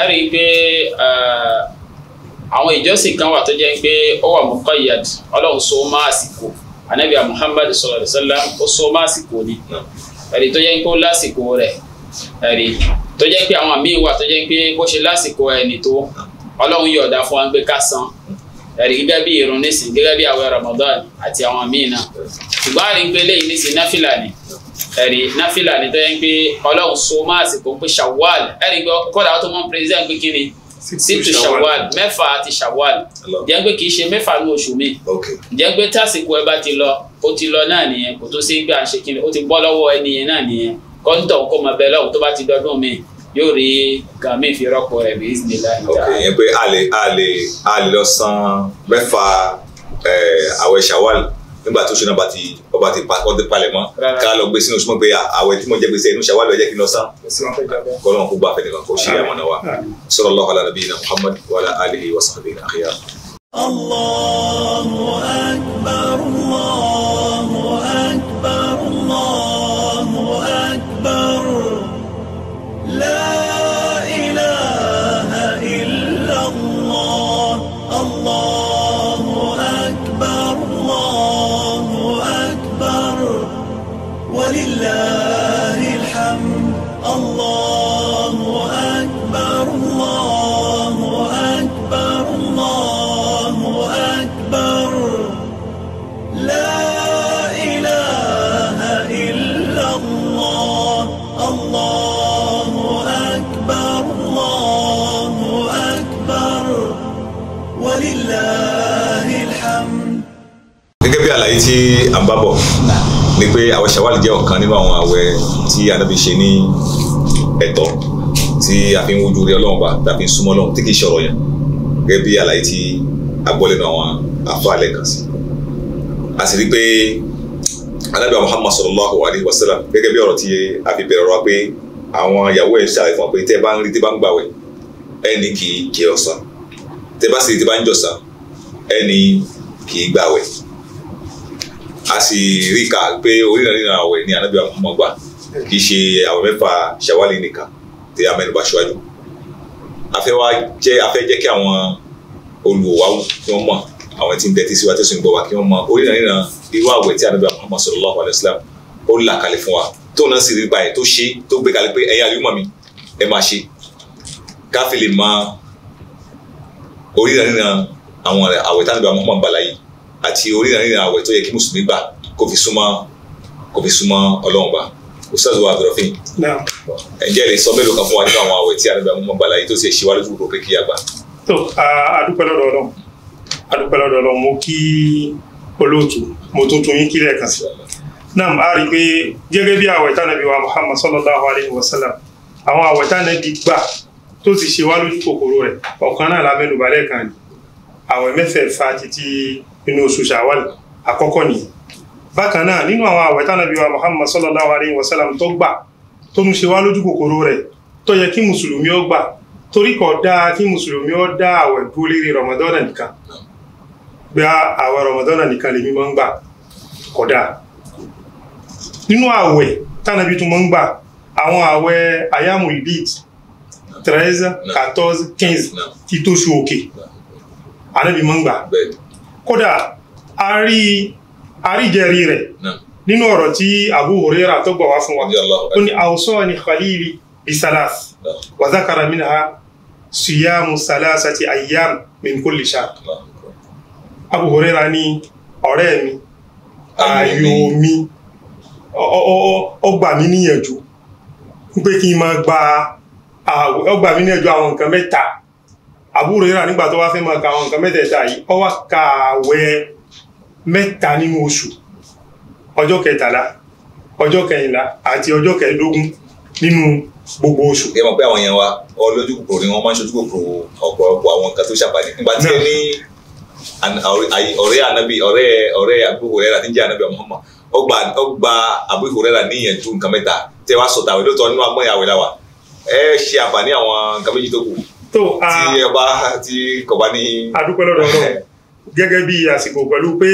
ẹ rí i pé àwọn ìjọsìn kan wà tó jẹ́ pé ó wà muqayyad Ọlọ́run so má àsìkò anabi Muhammad sallallahu alaihi wasallam ó so má àsìkò ni ẹ̀rí tó jẹ́ pé ó lásìkò rẹ̀ ẹ̀rí tó jẹ́ pé àwọn míín wà tó jẹ́ pé bó ṣe lásìkò ẹni tó Ọlọ́run yọ̀ọ̀dá fún wa gbé ká san ẹ̀rí gẹ́gẹ́ bí irun nísìn gẹ́gẹ́ bí àwẹ̀ Ramadan àti àwọn míín náà ṣùgbọ́n àrí pé léyìn nísìn náfìlà ni ẹ̀rí náfìlà ní tẹ́yẹ́ pé ọlọ́run so máa àsìkò pé shawal ẹ̀rí pé kọ́dà tó mọ́ president pé kí ni sítú shawal mẹ́fà àti shawal jẹ́ pé kì í ṣe mẹ́fà ní oṣù mi jẹ́ pé tásìkò ẹ bá ti lọ ó ti lọ náà nìyẹn kò tó sí gbà ṣe kí ni ó ti bọ́ lọ́wọ́ ẹnìyẹn náà nìyẹn kọ́ńtọ̀ kó mọ bẹ́ẹ̀ lọ́hùn tó bá ti dọ́dún mi yóò rí gàmí fi rọ́pò rẹ̀ bí ìsìnlẹ̀ láyé. ok ìyẹn pé a lè a lè a lè lọ shawal nígbà tó ṣe náà ọba ti pa ọdún palẹ̀ mọ́ ká lọ gbé sínú súnmọ́ pé àwẹ̀ tí mo jẹ́ gbèsè inú ṣàwálò ẹ̀jẹ̀ kí n lọ sán kọ́lọ́n kó gbà fẹ́ nìkan kó ṣe àmọ́ náà wa sallallahu ala nabiyina Muhammad wa ala alihi wa sahbihi akhyar. Allahu akbar Allahu akbar Allahu akbar. àlàyé tí à ń bá bọ̀ ni pé àwẹ̀ ṣàwálì jẹ́ ọ̀kan nínú àwọn àwẹ̀ tí anábì ṣe ní ẹ̀tọ́ tí a fi ń wojú rí ọlọ́run bá tá a fi ń súnmọ́ ọlọ́run tí kì í ṣọ̀rọ̀ yẹn gẹ́gẹ́ bí àlàyé tí a gbọ́ lẹ́nu àwọn àfọ́ àlẹ́ kan sí a sì rí pé anábì Muhammad sallallahu alayhi wa sallam gẹ́gẹ́ bí ọ̀rọ̀ tí a fi bẹ̀rẹ̀ wa pé àwọn ìyàwó ẹ̀ ṣàlàyé fún wa pé tẹ́ bá ń rí tẹ́ bá ń gbàwẹ̀ ẹni kì í jẹ ọ̀sán tẹ́ bá sì rí tẹ́ bá ń jọ̀sán ẹni kì í gbàwẹ̀ a sì rí kà pé oríranríran àwẹ̀ ni ànábì àmọ́ gbà kì í ṣe àwẹ̀ mẹ́fà ṣàwálì nìkan tí a mẹ́nuba ṣíwájú a fẹ́ wá jẹ́ a fẹ́ jẹ́ kí àwọn olùwà kí wọ́n mọ̀ àwọn tí ń tẹ́tí sí wa tẹ̀sùn gbọ́ wa kí wọ́n mọ̀ oríranríran irú àwẹ̀ tí ànábì àmọ́ sallallahu alaihi wasallam ó là kalẹ̀ fún wa tó náà sì rí báyìí tó ṣe tó gbé kalẹ̀ pé ẹ̀yin àlùmọ̀ mi ẹ máa ṣe ká fi lè mọ oríranríran àwọn àwẹ̀ tí ànábì àmọ́ bàlá yìí àti oríranríran àwẹ̀ tó yẹ kí mùsùlùmí gbà kó fi súnmọ́ kó fi súnmọ́ ọlọ́run bá ustaz wa abdulrafin ǹjẹ́ lè sọ mélòó kan fún wa nínú àwọn àwẹ̀ tí àdúgbò àwọn ọmọgbàlá yìí tó ṣe ṣíwájú kúrò pé kí a gbà. tó àdúpẹ́ lọ́dọ̀ ọlọ́run àdúpẹ́ lọ́dọ̀ ọlọ́run mo kí olóòtú mo tún tún yín kí lẹ́ẹ̀kan sí. náà a rí i pé gẹ́gẹ́ bí àwẹ̀ tánàbí wa muhammad sallallahu alayhi wa sallam àwọn àwẹ̀ tánàbí gbà tó ti ṣe kòkòrò rẹ̀ ọ̀kan náà lámẹ́nubalẹ̀ kan ni àwẹ̀ mẹ́fẹ̀ẹ̀fà títí nínú oṣù ṣàwàl àkọ́kọ́ nìyí bákan náà nínú àwọn àwẹ̀ tánàbí wa muhammad sallallahu alayhi wa sallam tó gbà tó ń ṣe wá lójú kòkòrò rẹ̀ tó yẹ kí mùsùlùmí ó gbà torí kò dáa kí mùsùlùmí ó dá àwẹ̀ dúró lérí rọmọdọ́nà nìkan bí àwẹ̀ rọmọdọ́nà nìkan lèmi máa ń gbà kò dáa nínú àwẹ̀ tánàbí tó máa ń gbà àwọn àwẹ̀ ayamu ibid treize quatorze quinze títòṣù òkè ànábì máa ń gbà kódà a rí àríjẹrí rẹ̀ nínú ọ̀rọ̀ tí Abu horera tó gbà wá fún wa ó ní awsani khalili bisalas wa zakara minha siyamu salasati ayyam min kulli shahr Abu horera ni ọ̀rẹ́ mi ààyò mi ó gbà mí níyànjú pé kí n máa gba àwẹ̀ ó gbà níyànjú àwọn nǹkan mẹ́ta àbúrò yìí rà nígbà tó wá fẹ́ máa ka àwọn nǹkan mẹ́tẹ̀ẹ̀ta yìí ó wá ka àwẹ̀ mẹ́ta nínú oṣù ọjọ́ kẹtàlá ọjọ́ kẹyìnlá àti ọjọ́ kẹẹ̀ẹ́dógún nínú gbogbo oṣù. ẹ mọ̀ pé àwọn yẹn wa ọlójú kòkòrò ni wọ́n máa ń ṣojú kòkòrò ọ̀pọ̀lọpọ̀ àwọn nǹkan tó ṣàpàdé nígbà tí ẹ ní ọ̀rẹ́ ànábì ọ̀rẹ́ ọ̀rẹ́ àbúrò rẹ̀ àti jẹ́ ànábì Muhammad ó gba àbúrò rẹ̀ ní ìyẹ̀jú nǹkan mẹ́ta tẹ́ wá sọ̀tàwé lóòótọ́ nínú amóyàwé làwà ẹ ṣe àǹfààní àwọn nǹkan méjì tó kù tó a tí ọba tí kò bá ní. adúpẹ́ lọ́dọ̀ ọ̀rọ̀ gẹ́gẹ́ bí àsìkò pẹ̀lú pé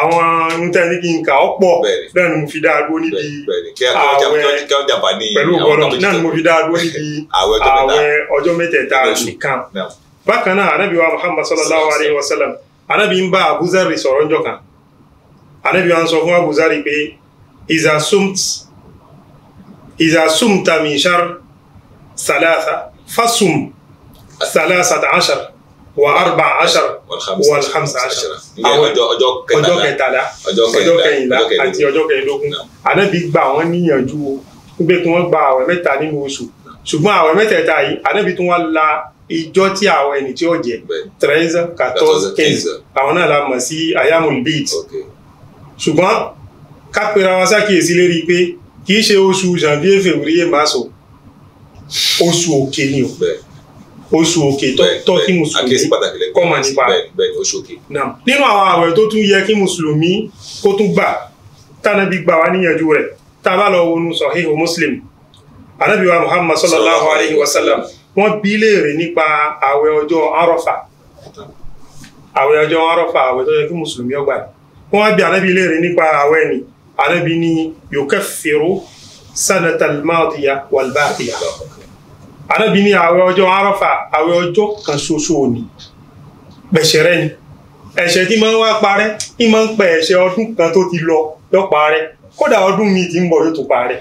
àwọn ohun tẹ́ ní kí n kà ọ́ pọ̀ náà ni mo fi dá a dúró níbi ààwẹ̀ pẹ̀lú ọ̀rọ̀ náà ni mo fi dá a dúró níbi ààwẹ̀ ọjọ́ mẹ́tẹ̀ẹ̀ta nìkan bákan náà anabi wa muhammad sallallahu alayhi wa sallam anabi ń bá abuzari sọ̀rọ̀ njọ́ kan anabi wa ń sọ fún abuzari pé iza sumt iza sumta salasa fasum salasata ashar wa arba ashar wa alhamsa ashar àwọn ọjọ́ kẹtàlá ọjọ́ kẹyìnlá àti ọjọ́ kẹyìndógún ànábì gbà wọ́n níyànjú o pé kí wọ́n gba àwẹ̀ mẹ́ta nínú oṣù ṣùgbọ́n àwẹ̀ mẹ́tẹ̀ẹ̀ta yìí ànábì tún wá la ìjọ tí àwọn ẹni tí ó jẹ tẹrẹsẹ katọs kẹsẹ àwọn náà la mọ̀ sí ayamul bid ṣùgbọ́n ká pera wa ṣàkíyèsí lérí pé kì í ṣe oṣù janvier février mars oṣù òkè ni o. Okay oṣù òkè tó kí mùsùlùmí kọ́mọ nípa nínú àwọn àwẹ̀ tó tún yẹ kí mùsùlùmí kó tún gbà tánàbí gbà wá níyànjú rẹ̀ tá a bá lọ wọnú o muslim anabi wa muhammad sallallahu alayhi wa sallam wọ́n bi léèrè nípa àwẹ̀ ọjọ́ arọ́fà àwẹ̀ ọjọ́ arọ́fà àwẹ̀ tó yẹ kí mùsùlùmí ó gbà wọ́n bi anabi léèrè nípa àwẹ̀ ni anabi ni yukaffiru sanatal madiya wal baqiya anábì ní àwẹ̀ ọjọ́ arọ́fà àwẹ̀ ọjọ́ kan ṣoṣo ni bẹ̀ṣẹ̀rẹ́ ni ẹ̀ṣẹ̀ tí máa ń wá parẹ́ tí máa ń pẹ ẹ̀ṣẹ̀ ọdún kan tó ti lọ yọ parẹ́ kódà ọdún mi ti ń bọ̀ yóò tó parẹ́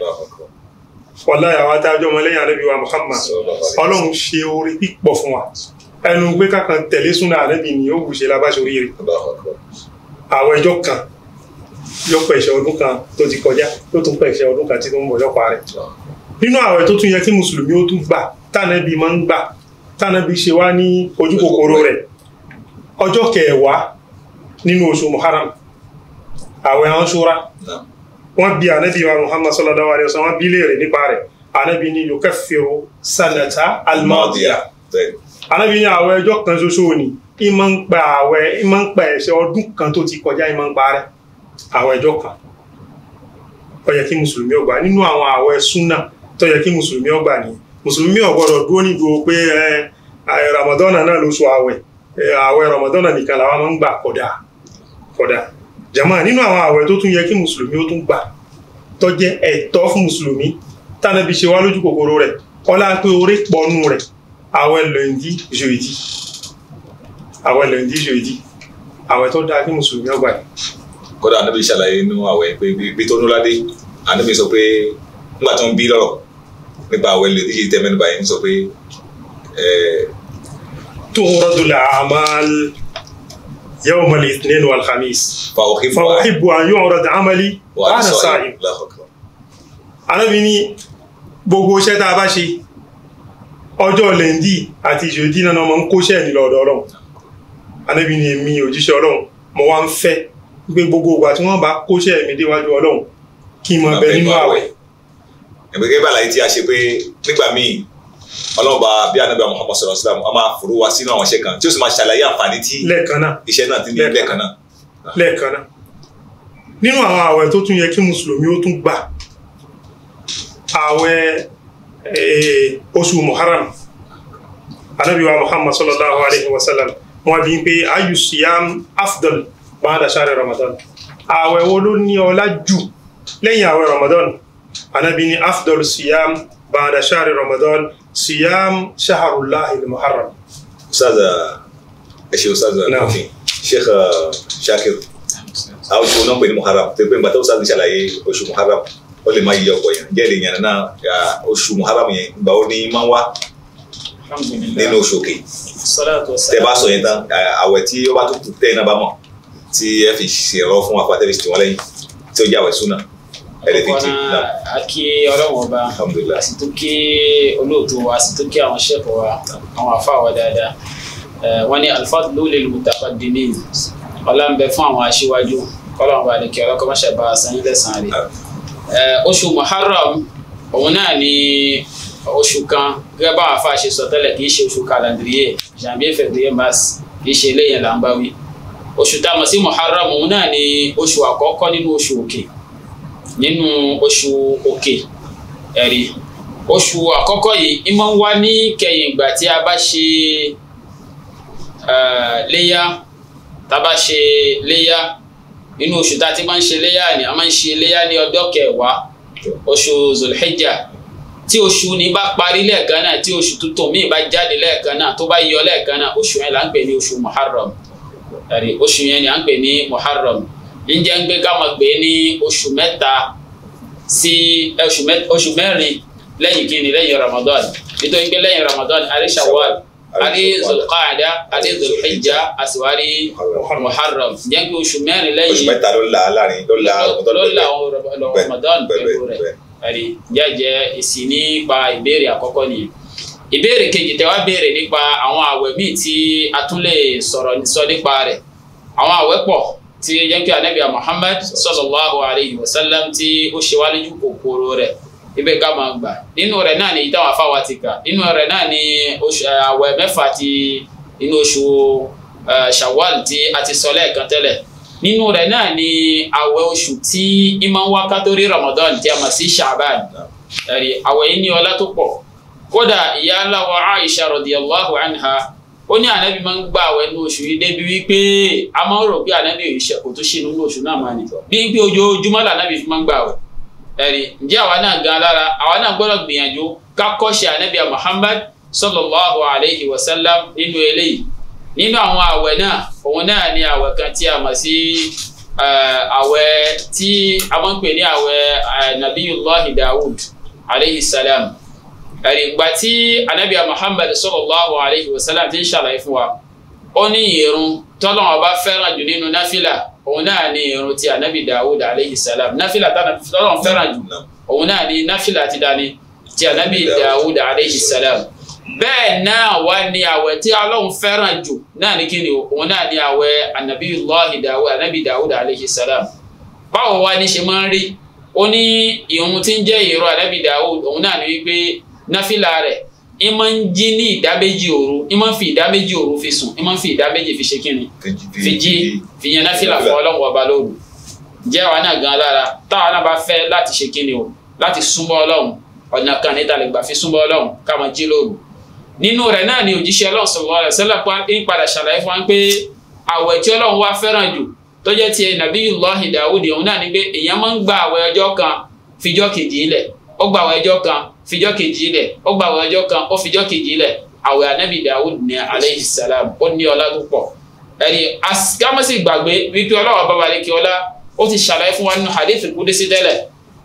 wallahi àwọn adájọ́ ọmọlẹ́yìn anábì wa Muhammad ọlọ́run ṣe oore pípọ̀ fún wa ẹnu pé kákan tẹ̀lé súnà anábì ni ó wù ṣe lábáṣorí rẹ̀ àwẹ̀ ọjọ́ kan yọ pẹ̀ṣẹ̀ ọdún kan tó ti kọjá yóò tún pẹ̀ṣẹ̀ ọdún kan tí ń bọ̀ yọ parẹ́ nínú àwẹ̀ tó tún yẹ kí mùsùlùmí ó tún gbà tànàbí máa ń gbà tànàbí ṣe wá ní ojú kòkòrò ọjọ́ kẹwàá nínú oṣù muharram àwẹ̀ Àṣúrà wọ́n bí ànábì wa muhammad sallallahu alayhi wa sallam wọn bí léèrè nípa rẹ̀ ní yukaffiru sanata almadiya ànábì ní àwẹ̀ ọjọ́ kan ṣoṣo ni ìmọ̀ ń pa ìmọ̀ ń pa ẹ̀ṣẹ̀ ọdún ti kọjá ìmọ̀ ń kan yẹ kí mùsùlùmí nínú àwọn súnà mùsùlùmí ò gbọ́dọ̀ dúró nídùú pé Ramadan náà lóṣù àwẹ̀ àwẹ̀ Ramadan nìkan làwọn máa ń gbà kódà kódà jàmá nínú àwọn àwẹ̀ tó tún yẹ kí mùsùlùmí ó tún gbà tó jẹ́ ẹ̀tọ́ fún mùsùlùmí tánàbí ṣe wá lójú kòkòrò rẹ̀ ọlá pé orí pọnú rẹ̀ àwẹ̀ lẹ́ndí jeudi àwẹ̀ lẹ́ndí jeudi àwẹ̀ tó dáa kí mùsùlùmí ọgbà yìí. kódà anábì ṣàlàyé nínú àwẹ̀ pé bí tó nú nípa àwọn ilé yìí tẹ́ mẹ́nu báyìí ń sọ pé. تورد الأعمال يوم الاثنين والخميس فأحب فأحب أن يعرض عملي وأنا صائم Ànábì ní gbogbo iṣẹ́ tá a bá ṣe ọjọ́ lẹ́ndì àti ìṣòdì náà máa ń kóṣẹ́ ní lọ́dọ̀ ọlọ́run Ànábì ní èmi òjíṣẹ́ ọlọ́run mo wá ń fẹ́ gbogbo ìgbà tí wọ́n bá kóṣẹ́ mi déwájú ọlọ́run kí n máa bẹ nínú àwẹ̀ gẹ́gẹ́ bí àlàyé tí a ṣe pé nígbà míì ọlọ́run bá bí anábíà Muhammad sọ̀rọ̀ sílámù a máa fòrò wá sínú àwọn iṣẹ́ kan tí ó sì máa ṣàlàyé àǹfààní tí iṣẹ́ náà ti ní lẹ́ẹ̀kan náà. lẹ́ẹ̀kan náà nínú àwọn àwẹ̀ tó tún yẹ kí mùsùlùmí ó tún gbà àwẹ̀ eh, oṣù Muharram anábíà Muhammad sallallahu alayhi wa sallam wọn bí pé ayu siyam afdal ba'da shahri Ramadan àwẹ̀ wo ló ní ọlá jù lẹ́yìn àwẹ̀ Ramadan anabi ni afdol siyam bada shahri ramadan siyam shaharullahi almuharram ustaza ẹṣẹ ustaza ọfin sheikh uh, shakir àwọn oṣù náà pè ní muharram tó pé nígbà tó ustaza ṣàlàyé oṣù muharram ó lè má yí ọ̀pọ̀ yẹn jẹ́ èdè yẹn náà oṣù muharram yẹn gbà ó ní máa wá nínú oṣù òkè tẹ bá sọ yẹn tán àwẹ̀ tí ó bá tó tẹ iná bá mọ̀ tí ẹ fi fún wa pàtẹ́bí tí wọ́n lẹ́yìn tí ó jẹ́ àwẹ̀ súnà ẹ̀rẹ́dẹ̀dẹ̀ náà. a kí ọlọ́wọ́n ọba a sì tún kí olóòtú wa a sì tún kí àwọn ṣẹ́kọ̀ọ́ wa àwọn àfáà wa dáadáa wọ́n ní alifadlu lil mutaqaddimin ọlá ń bẹ fún àwọn aṣíwájú kọ́lọ́wọ́n ọba àdìkẹ́ ọlọ́kọ́mọṣẹ́ bá a san ilẹ̀ san rè oṣù muharram òun náà ni oṣù kan gẹ́gẹ́ bá àfa ṣe sọ tẹ́lẹ̀ kì í ṣe oṣù calendrier janvier février mars kì í ṣe eléyìí là oṣù tá a mọ̀ sí muharram òun náà ni oṣù àkọ́kọ́ nínú oṣù òkè. Okay nínú oṣù òkè ẹ̀rí oṣù àkọ́kọ́ yìí ń máa ń wá ní kẹyìn ìgbà tí a bá ṣe léyà tá a bá ṣe léyà nínú oṣù tá a ti máa ń ṣe léyà ni a máa ń ṣe léyà ní ọjọ́ kẹwàá oṣù zulhijjah tí oṣù ní bá parí lẹ́ẹ̀kan náà tí oṣù tuntun míì bá jáde lẹ́ẹ̀kan náà tó bá yọ lẹ́ẹ̀kan náà oṣù yẹn là ń pè ní oṣù muharram ẹ̀rí oṣù yẹn ni à ń pè ní muharram ǹjẹ́ ń gbé káwọn pè é ní oṣù mẹ́ta sí oṣù mẹ́rin lẹ́yìn kíni lẹ́yìn Ramadan nítorí pé lẹ́yìn Ramadan a rí Shawwal a rí Zulqaada a rí Zulhijja a sì wá rí Muharram ǹjẹ́ ń gbé oṣù mẹ́rin lẹ́yìn oṣù mẹ́ta ló la láàrin ló la Ramadan pẹ̀lú rẹ̀ ẹ̀rí jẹ́jẹ́ èsì nípa ìbéèrè àkọ́kọ́ nìyẹn ìbéèrè kejì tẹ́ béèrè nípa àwọn àwẹ̀ míì tí a tún lè sọ nípa rẹ̀ àwọn àwẹ̀ pọ̀ tí jẹ́ńkì anabi muhammad sallallahu alayhi wa sallam o ó ṣe wálójú kòkòrò rẹ̀ ibẹ̀ ká máa gbà nínú rẹ̀ náà ni ìtàn àfáwà ti kà nínú rẹ̀ náà ni eh, àwẹ̀ mẹ́fà ti inú oṣù eh, shawwal tí a ti sọ lẹ́ẹ̀kan tẹ́lẹ̀ nínú rẹ̀ náà ni àwẹ̀ oṣù tí imam wá kátórí ramadan tí a mọ̀ sí shaban àwẹ̀ yìí ní ọlá tó pọ̀ kódà ìyá aláwọ̀ aisha radiyallahu anha onye ní ànábì máa ń gbà àwẹ̀ ní oṣù yìí débi wípé a máa ń rò pé ànábì kò tó ṣe nínú oṣù náà máa nìkan bí pé ojoojúmọ́ lànábì fi máa ń gbà ẹ̀rí ǹjẹ́ àwa náà gan lára àwa náà gbọ́dọ̀ gbìyànjú ká kọ́ṣe Muhammad sallallahu alayhi wa sallam nínú eléyìí nínú àwọn àwẹ̀ náà òun náà ni àwẹ̀ kan tí a mọ̀ sí eh, àwẹ̀ tí a máa ń pè ní àwẹ̀ eh, nabiyullahi salam ẹ̀rìngbà tí anabiya muhammad sallallahu alayhi wa sallam ti ń ṣàlàyé fún wa ó ní ìrun tọ́lọ́run ọba fẹ́ràn jù nínú náfìlà òun náà ní ìrun ti anabi dawud alayhi salam náfìlà tọ́lọ́run fẹ́ràn jù òun náà ní náfìlà ti dání ti anabi dawud alayhi salam bẹ́ẹ̀ náà wá ní àwẹ̀ tí ọlọ́run fẹ́ràn jù náà ní kíni òun náà ní àwẹ̀ anabiullahi dawud anabi dawud báwo wá ní ṣe máa ń rí ó ní ìrun tí ń jẹ́ ìrun anabi dawud òun náà ní wípé náfìlà rẹ̀ ẹ máa ń jí ní ìdábẹ́jì òru ẹ máa fi ìdábẹ́jì òru fi sùn i ma fi ìdábẹ́jì fi ṣe fi ji fi yan fún ọba jẹ́ gan lára táwa náà bá fẹ́ láti ṣe o láti súnmọ́ ọlọ́run ọ̀nà kan fi súnmọ́ ọlọ́run ká máa jí lóru nínú náà ni òjíṣẹ́ ọlọ́run ń padà ṣàlàyé wa pé àwẹ̀ tí ọlọ́run wá fẹ́ràn jù tó jẹ́ òun náà ni fijọ́ kejì lẹ̀ ó gba àwọn ọjọ́ kan ó fijọ́ kejì lẹ̀ àwẹ̀ anabi dawud ní aleyhi salam ó ní ọlá púpọ̀ ẹni akamasi gbàgbé wípé ọlọ́wọ́ bàbá aleke ọlá ó ti ṣàlàyé fún wa nínú hadith kúdísí tẹ́lẹ̀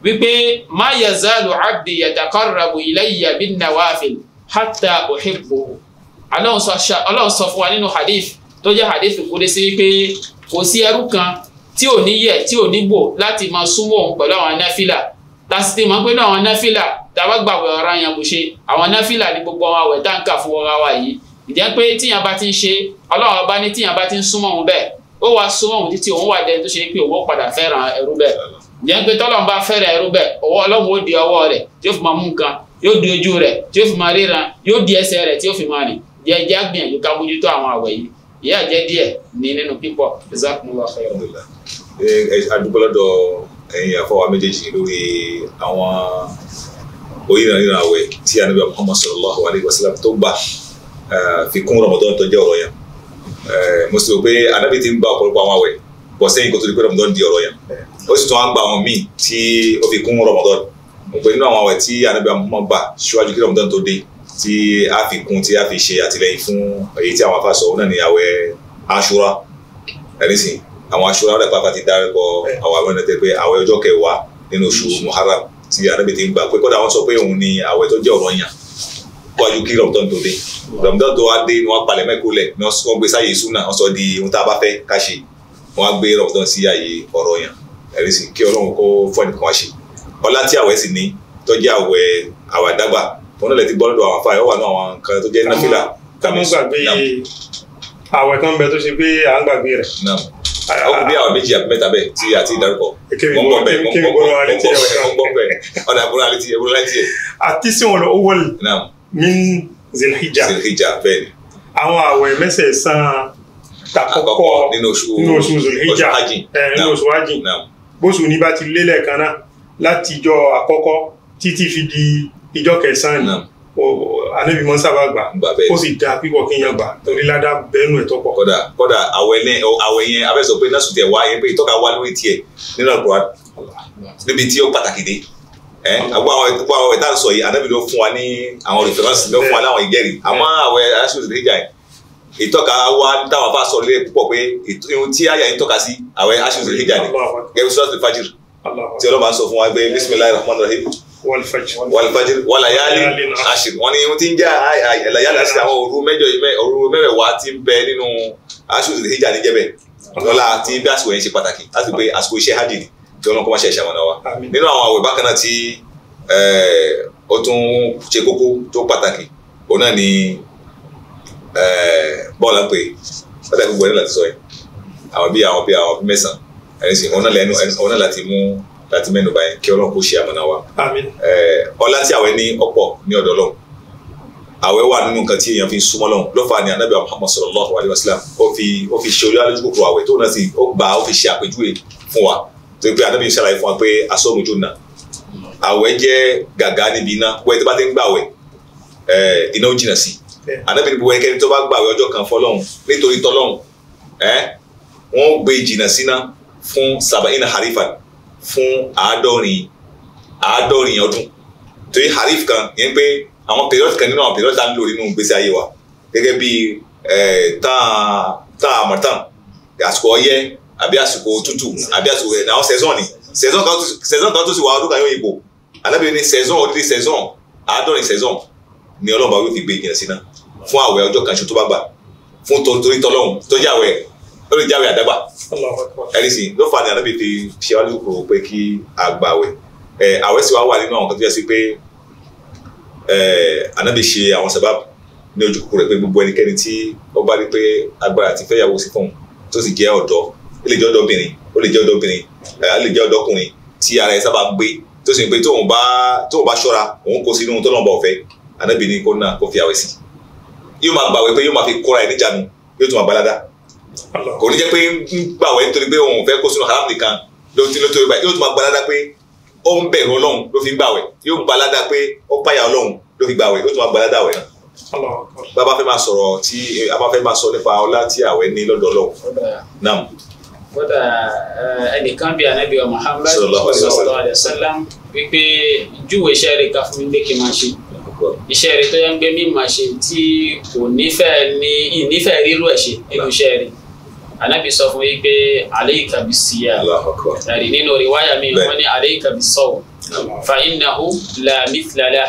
wípé má yazalu abdi yatakarrabu ilayya bin nawafil hatta uhibbu ọlọ́run sọ fún wa nínú hadith tó jẹ́ hadith kúdísí wípé kò sí ẹrú kan tí ò ní yẹ tí ò ní gbò láti máa súnmọ́ òun pẹ̀lú àwọn náfìlà láti ti mọ̀ pé náà àwọn náfìlà tàbá gbàwẹ̀ ọ̀ràn yẹn kò ṣe àwọn náfìlà ní gbogbo àwọn àwẹ̀ táǹkà fún ọ̀ràn wa yìí ìjẹ́ pé tíyàn bá ti ń ṣe ọlọ́run ọba ní tíyàn bá ti ń súnmọ́ òun bẹ́ẹ̀ ó wá súnmọ́ òun títí òun wà dẹni tó ṣe pé òun padà fẹ́ràn ẹrú bẹ́ẹ̀ ìjẹ́ pé tọ́lọ́run bá fẹ́ràn ẹrú bẹ́ẹ̀ ọwọ́ ọlọ́run ó di ọwọ́ rẹ̀ tí ó fi máa mú nǹkan yóò di ojú rẹ̀ tí ó fi máa ríran yóò di ẹsẹ̀ rẹ̀ tí ó fi máa rìn jẹ́ jẹ́ gbìyànjú ká bójútó àwọn àwẹ̀ yìí ìyá jẹ́ díẹ̀ ní nínú pípọ̀ jazakumullahu oríran ríran àwẹ̀ tí anabi muhammad sallallahu alayhi wa sallam tó gbà fi kún ramadan tó jẹ́ ọ̀rọ̀ yẹn mo sì rò pé anabi ti ń gba ọ̀pọ̀lọpọ̀ àwọn àwẹ̀ bọ̀ sẹ́yìn kó ramadan di ọ̀rọ̀ yẹn ó sì tún á gba àwọn míì tí ó fi kún ramadan mo pè nínú àwọn àwẹ̀ tí anabi muhammad gbà síwájú kí ramadan tó dé tí a fi kún tí a fi ṣe àtìlẹyìn fún èyí tí àwọn afáṣọ náà ní àwẹ̀ aṣura ẹni sìn àwọn aṣura rẹ̀ pàápàá ti dárẹ́kọ̀ àwọn àwọn ẹni tẹ́ pé àwẹ̀ ọjọ́ kẹwàá nínú oṣù muharram tí arábì ti ń gbà pé kódà wọ́n sọ pé òun ni àwẹ̀ tó jẹ́ ọ̀ranyàn wájú kí rọ̀mùtọ́n tó dé rọ̀mùtọ́n tó wá dé ni wọ́n palẹ̀ mẹ́kó lẹ̀ ni wọ́n gbé sáyé súnà wọ́n sọ di ohun tá a bá fẹ́ ká ṣe wọ́n á gbé rọ̀mùtọ́n sí àyè ọ̀ranyàn ẹ̀rí sì kí ọlọ́run kó fún ẹnìkan wá ṣe ọlá tí àwẹ̀ sì ní tó jẹ́ àwẹ̀ àwàdàgbà tó nílẹ̀ ti gbọ́ lọ́dọ̀ àwọn afáàyè wà náà àwọn kan tó jẹ́ náfìlà. ká mú gbàgbé àwẹ̀ kan bẹ tó ṣe pé à ń gbàgbé rẹ̀ ó kù bí àwọn méjì àbí mẹ́ta bẹ́ẹ̀ tí àti ìdárúkọ mọ̀ bẹ́ẹ̀ mọ̀ bẹ́ẹ̀ mọ̀ bẹ́ẹ̀ ọ̀nà àbúrò alẹ́ tiẹ̀ àbúrò alẹ́ tiẹ̀. àtisí wọn lọ owó min zelhija zelhija bẹ́ẹ̀ ni. àwọn àwẹ̀ mẹ́sẹ̀ẹ̀sán takọ́kọ́ nínú oṣù zelhija nínú oṣù hajj bóṣù ní bá ti lélẹ̀ kan náà láti ìjọ àkọ́kọ́ títí fi di ìjọ kẹsàn-án ànábì mọ́ sábà gbà ó sì da pípọ̀ kí n yan gbà torí ládà bẹ́ẹ̀nù ẹ̀ tọ́pọ̀. kọ́dà kọ́dà àwẹ̀ yẹn àwẹ̀ yẹn abẹ́sọ̀ pé násùtì ẹ̀ wá yẹn pé ìtọ́ka wá lórí tiẹ̀ nínú àgbà níbi tí ó pàtàkì dé gbogbo àwọn ẹ̀ta sọ yìí ànábì ló fún wa ní àwọn olùfẹ́ránṣẹ́ ló fún wa láwọn ìjẹ́rì àmọ́ àwẹ̀ aṣọ́sì níjà ìtọ́ka wa dáwọn afáàsọ lé púpọ̀ pé ìhun tí àyà yìí tọ́ka sí àwẹ̀ aṣọ́sì níjà ni gẹ́gẹ́ bí sọ́ọ́sì fájìrì tí ọlọ́ba sọ fún wa pé bisimilayi rahman rahim walifajiri walayali asiri wọn ni ohun tí ń jẹ́ alayali asiri àwọn òru mẹ́jọ òru mẹ́wẹ̀wá ti ń bẹ nínú aṣojú ìdíjà níjẹ́bẹ̀ lọ́la tí bí àsìkò yẹn ṣe pàtàkì láti pé àsìkò iṣẹ́ hajj ni kí ọlọ́run kó má ṣe ṣàmọ̀nà wa nínú àwọn àwẹ̀ bákan náà tí ó tún ṣe kókó tó pàtàkì òun náà ni bọ́ọ̀lù pé pàtàkì gbogbo ẹni láti sọ yẹn àwọn bíi àwọn bíi àwọn mẹ́sàn-án ẹni sì ọ̀nà lẹ́nu ọ̀nà láti mú láti mẹ́nu báyìí kí ọlọ́run kó ṣe àmọ̀nà wa. àmín. tí àwẹ̀ ní ọ̀pọ̀ ní ọ̀dọ̀ ọlọ́run àwẹ̀ wà nínú nǹkan tí èèyàn fi súnmọ́ lọ́hùn lọ́fà ni anabi muhammad sallallahu alayhi wa sallam ó fi ó fi ṣe olúwa lójú kòkòrò àwẹ̀ tó náà sì ó gbà ó fi ṣe àpèjúwe fún wa tó pé anabi ṣàlàyé fún wa pé asọ́mujó nà àwẹ̀ jẹ́ gàgá níbi iná wẹ́ẹ́ tó bá ti ń gbà wẹ̀ iná ó jìnà sí anabi níbi wẹ́ẹ́ kẹ́ni tó bá gbà ọjọ́ kan fọlọ́hùn nítorí tọ́lọ́hùn wọ́n gbé jìnà síná fún sabaina harifan fún àádọ́rin àádọ́rin ọdún torí harif kan yẹn pé àwọn period kan nínú àwọn period tá ń lò nínú gbèsè ayé wa gẹ́gẹ́ bí tán tán àmọ̀tán àsìkò ọyẹ́ àbí àsìkò tútù àbí àsìkò ẹ̀ náà sẹ́sọ̀n ni sẹ́sọ̀n kan tó sì wà ọdún kan yóò yìnbó alábìrin ni sẹ́sọ̀n odidi sẹ́sọ̀n àádọ́rin sẹ́sọ̀n ni ọlọ́run bá wí fi gbé ìjìnlẹ̀ sí náà fún àwẹ̀ ọjọ́ kan ṣo tó bá gbà fún torí tó jẹ́ àwẹ̀ lórí jáwé àdágbà ẹni sì ló fà ní ànábì fi ṣe wá lóko pé kí a gba àwẹ̀ àwẹ̀ sì wá wà nínú àwọn kan tó yẹ sí pé ànábì ṣe àwọn sábàbù ní ojú kúkú rẹ̀ pé gbogbo ẹnikẹ́ni tí ó bá rí pé agbára àti fẹ́yàwó sí fún un tó sì jẹ́ ọ̀dọ́ ó lè jẹ́ ọ̀dọ́bìnrin ó lè jẹ́ ọ̀dọ́bìnrin ó lè jẹ́ ọ̀dọ́kùnrin tí ara ẹ̀ sábà gbé tó sì ń pé tóun bá tóun bá ṣọ́ra òun kó sínú tó lọ́nà bá ọ̀fẹ́ ànábì ni kó náà kó fi àwẹ̀ sí yóò máa gbàwé pé yóò máa fi kóra ẹ̀ níjànú yóò tún máa balada kò ní jẹ́ pé ń gbàwẹ̀ nítorí pé òun fẹ́ kó sínú haram nìkan ló ti lótórí báyìí yóò tún máa gbalada pé ó ń bẹ̀rù ọlọ́run ló fi ń gbàwẹ̀ yóò gbalada pé ó páyà ọlọ́run ló fi gbàwẹ̀ yóò tún máa gbalada wẹ̀ bàbá fẹ́ máa sọ̀rọ̀ tí a bá fẹ́ máa sọ nípa ọlá tí àwẹ̀ ní lọ́dọ̀ ọlọ́run náà kódà ẹnìkan bíi anabi wa muhammad sallallahu alayhi wa sallam wípé júwe iṣẹ́ rẹ̀ ká fún mi lékè máa ṣe iṣẹ́ rẹ̀ tó yẹ ń gbé mí máa ṣe tí kò nífẹ̀ẹ́ ní ìnífẹ̀ẹ́ rírú ẹ̀ ṣe nínú iṣẹ́ rẹ̀ anabi sọ fún yìí pé alayka bis-siyam ẹ̀rí nínú riwaya mi wọ́n ní alayka bis-sawm fa innahu la mithla lah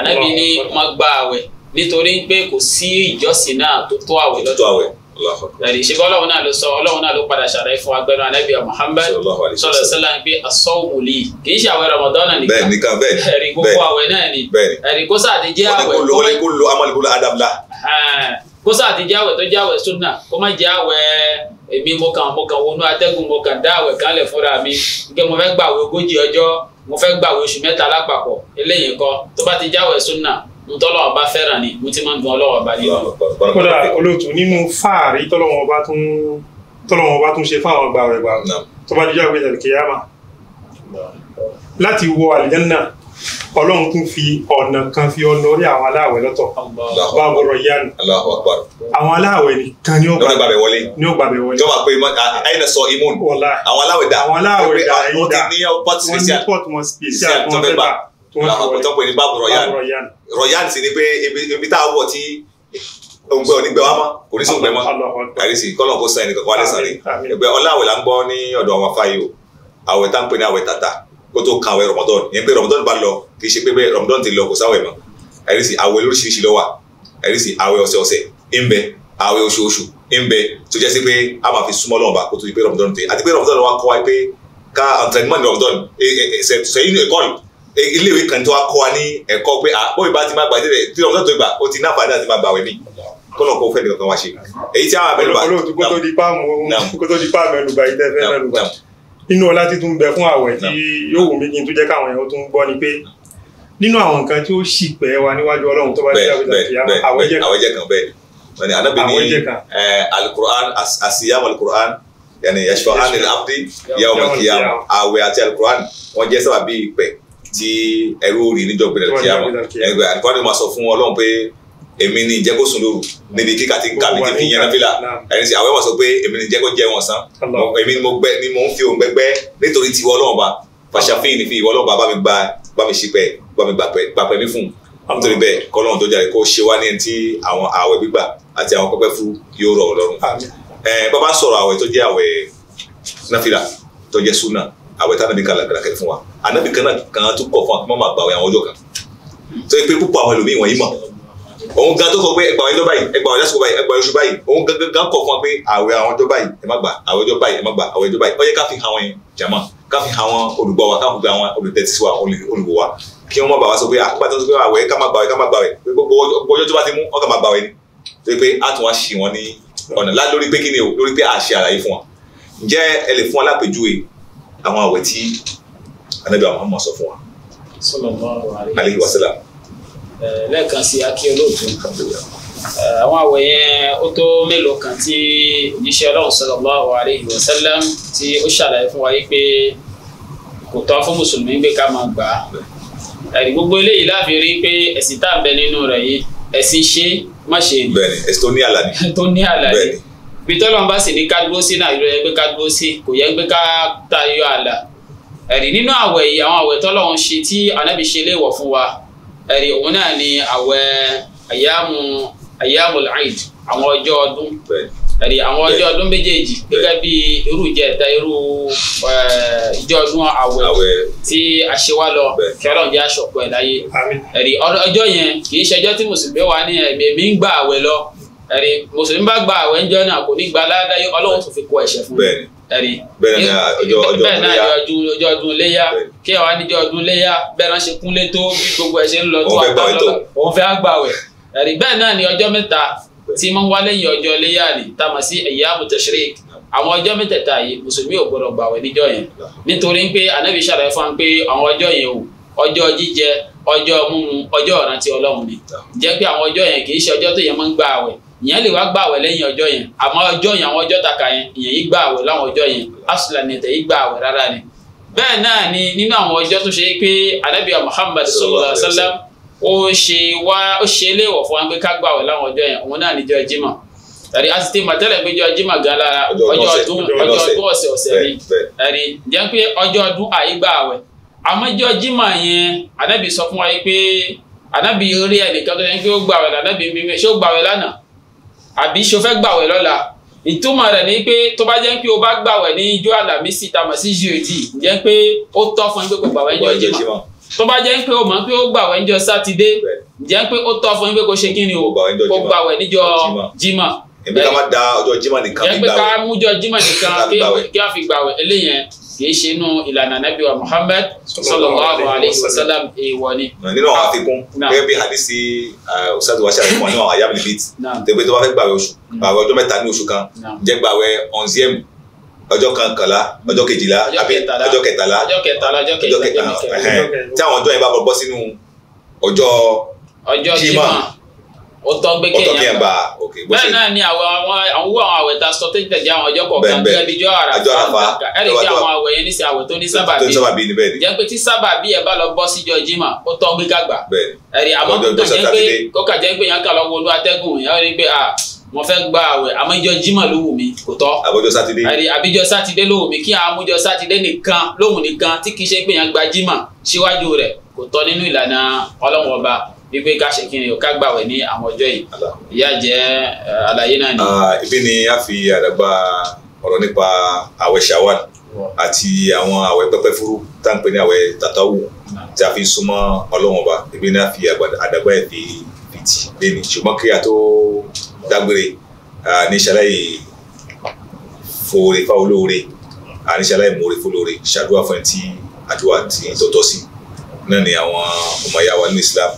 anabi ní má gba àwẹ̀ nítorí pé kò sí ìjọsìn náà tó tó àwẹ̀ lọ́dọ̀ ẹ̀rí ṣe ọlọ́run náà ló sọ ọlọ́run náà ló padà ṣàlàyé fún agbẹ́nu anábìá Muhammad sọlọ sọlá ń pé asọ́wùlì kì í ṣe àwẹ̀ Ramadan nìkan ẹ̀rí gbogbo àwẹ̀ náà ni ẹ̀rí kó sáà ti jẹ́ àwẹ̀. wọ́n ní kó lo amọ̀lẹ́kó lo adam la kó sáà ti jáwẹ̀ tó jáwẹ̀ sunna kó má jáwẹ̀ èmi mo kàn mo kàn wọnú atẹ́gùn mo kàn dá àwẹ̀ kan lẹ̀ fúnra mi nígbà mo fẹ́ gbàwé ogójì ọjọ́ mo fẹ́ gbàwé oṣù mẹ́ta lápapọ̀ eléyìí kọ́ tó bá ti jáwẹ̀ sunna ntọ́lọ́ ọba fẹ́ràn ni mo ti máa ń dun ọlọ́wọ́ ọba ní ọ̀rọ̀. kódà olóòtú nínú fáàrí tọ́lọ́wọ́n ọba tún tọ́lọ́wọ́n ọba tún ṣe fáwọn gbàwẹ̀ gbàwẹ̀ tó bá dijọ́ àgbẹ̀jẹ̀ kìyàmà láti wọ àlìjánná ọlọ́run tún fi ọ̀nà kan fi ọ̀nà orí àwọn aláàwẹ̀ lọ́tọ̀ bá gbọ́dọ̀ yánu àwọn aláàwẹ̀ nìkan ni ó gbàgbẹ́ wọlé ni ó gbàgbẹ́ wọlé jọba pé àyìnà sọ imun àwọn aláàwẹ̀ dà àwọn aláàwẹ̀ dà wọ́n ti ní port special wọ́n ní port wọn special tó fẹ́ gbà tó pè ní bá gbọ́dọ̀ yánu royan sì ni pé ibi tá a wọ̀ tí ògbẹ́ onígbẹ́ wa mọ́ kò ní sóògbẹ́ mọ́ àrísí kọ́lọ̀ kó sàn ẹnìkan kó alẹ́ sàrí ẹgbẹ́ ọláwẹ̀ là ń gbọ́ ní ọ̀dọ̀ àwọn afáyé o àwẹ̀ tá ń pè ní àwẹ̀ tàtà kó tó kàwé Ramadan yẹn pé Ramadan bá lọ kì í ṣe pé Ramadan ti lọ kò sáwẹ̀ mọ́ àìrísí àwẹ̀ lóríṣiríṣi ló wà àìrísí àwẹ̀ ọ̀sẹ̀ọ̀sẹ̀ ń bẹ àwẹ̀ oṣooṣù ń bẹ tó jẹ́ sí pé a máa fi súnmọ́ lọ́wọ́ bá kó tó di pé Ramadan tẹ àti pé Ramadan wa kọ́ wa pé ká entrainment Ramadan e, e, e, sẹ́yìn ẹ̀kọ́ iléèwé kan tó wa kọ́ wa ní ẹ̀kọ́ pé àpò ah, ìbá ti máa gbà délẹ̀ tí Ramadan tó gbà ó ti náà fàdá àti máa gbà wẹ̀ mí kọ́nà kó fẹ́ẹ́ nìkan kan wá ṣe èyí tí a máa mẹ́nu olóòtú kó di pa mẹ́nu bá ilé ẹ̀fẹ́ mẹ́nu bá nínú ọlá tí tún bẹ fún àwẹ̀ tí yóò wù mí kí n tó jẹ́ káwọn èèyàn tún gbọ́ ni pé nínú àwọn nǹkan tí ó sì pẹ́ wa níwájú ọlọ́run tó bá dé àwẹ̀ tàbí àwẹ̀ jẹ́ kan bẹ́ẹ̀ wani ni alukur'an asiyam alukur'an yanni yasuwa anil abdi yawma kiyam àwẹ̀ àti alukur'an wọ́n jẹ́ sábàbí ìpẹ́ tí ẹrú rí níjọ́ gbẹdẹ kiyam ẹgbẹ alukur'an ni wọ́n sọ fún ọlọ́run pé èmi ni ìjẹ́ kó sùn lóru níbi kíkà tí kà mí ti fi yẹn náfìlà ẹni sì àwẹ̀ wọ̀ sọ pé èmi ni ìjẹ́ kó jẹ́ wọn sán èmi ni mo gbẹ ni mo ń fi òun gbẹgbẹ nítorí tiwọ́ ọlọ́run ba fàṣàfihàn ní fi ìwọ ọlọ́run ba bá mi gba bá mi ṣípẹ́ bá mi gbàpẹ́ mi fún nítorí bẹ́ẹ̀ kọ́lọ́run tó jàre kó ṣe wá ní ẹni tí àwọn àwẹ̀ gbígbà àti àwọn pẹ́pẹ́ fún yóò rọ̀ ọlọ́run bàbá sọ̀rọ̀ àwẹ̀ tó jẹ́ àwẹ̀ náfìlà tó jẹ́ súnà àwẹ̀ náà òun gan tó sọ pé ẹgbàá ọjọ́ báyìí ẹgbàá ọjọ́ sọ báyìí ẹgbàá oṣù báyìí òun gangan kọ̀ fún wa pé àwẹ̀ àwọn ọjọ́ báyìí ẹ má gbà àwẹ̀ ọjọ́ báyìí ẹ má gbà àwẹ̀ ọjọ́ báyìí ó yẹ ká fi hàn wọn jàmá ká fi hàn wọn olùgbọ́ wa ká fi hàn wọn olùtẹ́tísí wa olùwò wa kí wọ́n má bàa wá sọ pé àkókò àti àwẹ̀ ká má gbàwẹ̀ ká má gbàwẹ̀ gbogbo ọjọ́ tó bá ti a tún wá ṣì wọ́n ní ọ̀nà lórí pé kí a ṣe àlàyé fún wọn ǹjẹ́ ẹ lè fún wa lápèjúwe àwọn àwẹ̀ tí Ànábì Muhammad sọ fún wa. sallallahu alaihi wasallam lẹ́ẹ̀kan sí akí olóòtú àwọn àwẹ̀ yẹn ó tó mélòó kan tí oníṣẹ́ ọlọ́run sallallahu alayhi wa sallam tí ó ṣàlàyé fún wa yìí pé kò tọ́ fún mùsùlùmí gbé ká máa gbà á ẹ̀rí gbogbo eléyìí láfi rí pé ẹ̀sìn tá à ń bẹ nínú rẹ̀ yìí ẹ̀sìn ṣe má ṣe ni bẹ́ẹ̀ni ẹ̀sìn tó ní àlàyé tó ní àlàyé bí tọ́lọ́n bá sì ní ká dúró sí náà ìrọ̀lẹ́ gbé ká dúró sí kò yẹ gbé ká tayọ àlà ẹ̀rí nínú àwẹ̀ yìí àwọn àwẹ̀ tọ́lọ́run ṣe tí ànábì léèwọ̀ fún wa ẹ̀rí òun náà ni àwẹ̀ àyàmù àyàmù al-Eid àwọn ọjọ́ ọdún ẹ̀rí àwọn ọjọ́ ọdún méjèèjì gẹ́gẹ́ bí irú ìjẹta irú ìjọ ọdún àwẹ̀ tí a ṣe wá lọ kí ọlọ́run jẹ́ aṣọ̀pọ̀ ẹ̀ láyé ẹ̀rí ọjọ́ yẹn kì í ṣẹjọ́ tí mùsùlùmí wà ní ẹ̀mí mi ń gba àwẹ̀ lọ ẹ̀rí mùsùlùmí bá gba àwẹ̀ ń náà kò ní gba aládàáyé ọlọ́run tó fi kó ẹ̀ṣẹ̀ fún mi ẹ̀rí bẹ́ẹ̀ náà ọjọ́ ọdún léyà bẹ́ẹ̀ náà ọjọ́ ọdún léyà kí ẹ̀ wá níjọ́ ọdún léyà bẹ́ẹ̀ náà ṣe kúnlé tó bí gbogbo ẹ̀ ṣe ń lọ tó àgbà lọ́la òun fẹ́ àgbàwẹ̀ ẹ̀rí bẹ́ẹ̀ náà ni ọjọ́ mẹ́ta tí mo ń wá lẹ́yìn ọjọ́ léyà ni tá a mọ̀ sí ayyamu tashrik àwọn ọjọ́ mẹ́tẹ̀ẹ̀ta yìí mùsùlùmí ò gbọdọ̀ gbàwẹ̀ níjọ́ yẹn nítorí pé ànábì ṣàlàyé fún wa pé àwọn ọjọ́ yẹn o ọjọ́ jíjẹ ọjọ́ mímu ọjọ́ ìrántí Ọlọ́run ni jẹ́ pé àwọn ọjọ́ yẹn kì í ṣe ọjọ́ tó yẹn máa ń gbàwẹ̀ ìyẹn lè wá gbààwẹ̀ lẹ́yìn ọjọ́ yẹn àmọ́ ọjọ́ yẹn àwọn ọjọ́ taka yẹn ìyẹn yìí gbààwẹ̀ láwọn ọjọ́ yẹn asùlà ni tẹ̀yí gbààwẹ̀ rárá ni bẹ́ẹ̀ náà ni nínú àwọn ọjọ́ tó ṣe pé anábìyà Muhammad sallallahu alaihi wasallam ó ṣe wá ó ṣe léèwọ̀ fún wa pé ká gbààwẹ̀ láwọn ọjọ́ yẹn òun náà níjọ́ Jímọ̀ ẹ̀rí asìtì màtẹ́lẹ̀ pé ọjọ́ Jímọ̀ gan lára ọjọ́ ọdún ọ̀sẹ̀ ọ̀sẹ̀ ni ẹ̀rí jẹ́ pé ọjọ́ ọdún àyígbààwẹ̀ àmọ́ ọjọ́ Jímọ̀ yẹn anábì sọ fún àbí ṣo fẹ́ gbàwẹ̀ lọ́la ìtumọ̀ rẹ̀ ni pé tó bá jẹ́ pé o bá gbàwẹ̀ ní ijó àlàmísì tá a mọ̀ sí gòdì jẹ́ pé ó tọ́ fún yín pé kò gbàwẹ̀ ní ọjọ́ ìmọ̀ tó bá jẹ́ pé o mọ̀ pé ó gbàwẹ̀ níjọ́ sátidé jẹ́ pé ó tọ́ fún yín pé kò ṣe kí ni o kò gbàwẹ̀ níjọ́ jímọ̀ ẹ̀ẹ́dẹ́gbẹ̀ká má da ọjọ́ jímọ̀ nìkan fi gbàwẹ̀ kìí ṣe inú ìlànà nàbí wa muhammad sallallahu alayhi wa sallam èèwọ̀ ni. nínú àwọn àfikún gẹ́gẹ́ bí hadisi ọ̀sádùn wa ṣàlàyé wọn ní àwọn àyàbìlì bíi tẹ̀gbẹ́ tó bá fẹ́ gbàwẹ̀ oṣù gbàwẹ̀ ọjọ́ mẹ́ta ní oṣù kan jẹ́ gbàwẹ̀ onzième ọjọ́ kankanla ọjọ́ kejìlá àbí ọjọ́ kẹtàlá ọjọ́ kẹtàlá ọjọ́ kẹtàlá tí àwọn ọjọ́ yẹn bá bọ́ sínú ọjọ́ jímọ̀ ó tọ́ ba, kéèyàn gbà bẹ́ẹ̀ náà ni àwọn àwọn owó àwọn àwẹ̀ tá a sọ tó ń tẹ̀jẹ́ àwọn ọjọ́ kọ̀ọ̀kan gẹ́gẹ́ bí jọ́ àràfà ẹ̀rì kí àwọn àwẹ̀ yẹn ní sí àwẹ̀ tó ní sábàbí jẹ́ pé tí sábàbí ẹ̀ bá lọ bọ́ síjọ́ jimá ó tọ́ pé kágbà ẹ̀rì àmọ́ kọ́kà jẹ́ pé kọ́kà jẹ́ pé yẹn kà lọ atẹ́gùn yẹn rí pé ah mo fẹ́ gba àwẹ̀ àmọ́ ìjọ jimá ló wù mí kò tọ́ àbíjọ sátidé àbíjọ sátidé ló wù mí kí àmújọ sátidé nìkan lóhùn nìkan tí kì í ṣe pé yẹn gba jimá síwájú rẹ̀ kò tọ́ nínú ìlànà ọlọ́wọ́n wípé ká ṣe kíni o ká gbàwẹ̀ ní àwọn ọjọ́ yìí ìyá jẹ́ àlàyé náà ni. Ah, ibi ni a fi àdàgbà ọ̀rọ̀ nípa àwẹ̀ ṣàwà àti àwọn àwẹ̀ pẹ́pẹ́ fúru tá à ń pè ní àwẹ̀ tàtàwù tí a fi súnmọ́ ọlọ́wọ́n ba ibi ni a fi àdàgbà ẹ̀ fi fìtì lẹ́nu ṣùgbọ́n kí a tó dágbére ní ṣàlàyé fòore fáwọn olóore àníṣe aláìmoore fólóore ṣàdúrà fún ẹ tí àdúrà ti tọ́tọ́ sí náà ni àwọn ọmọ ìyá wa ní Islam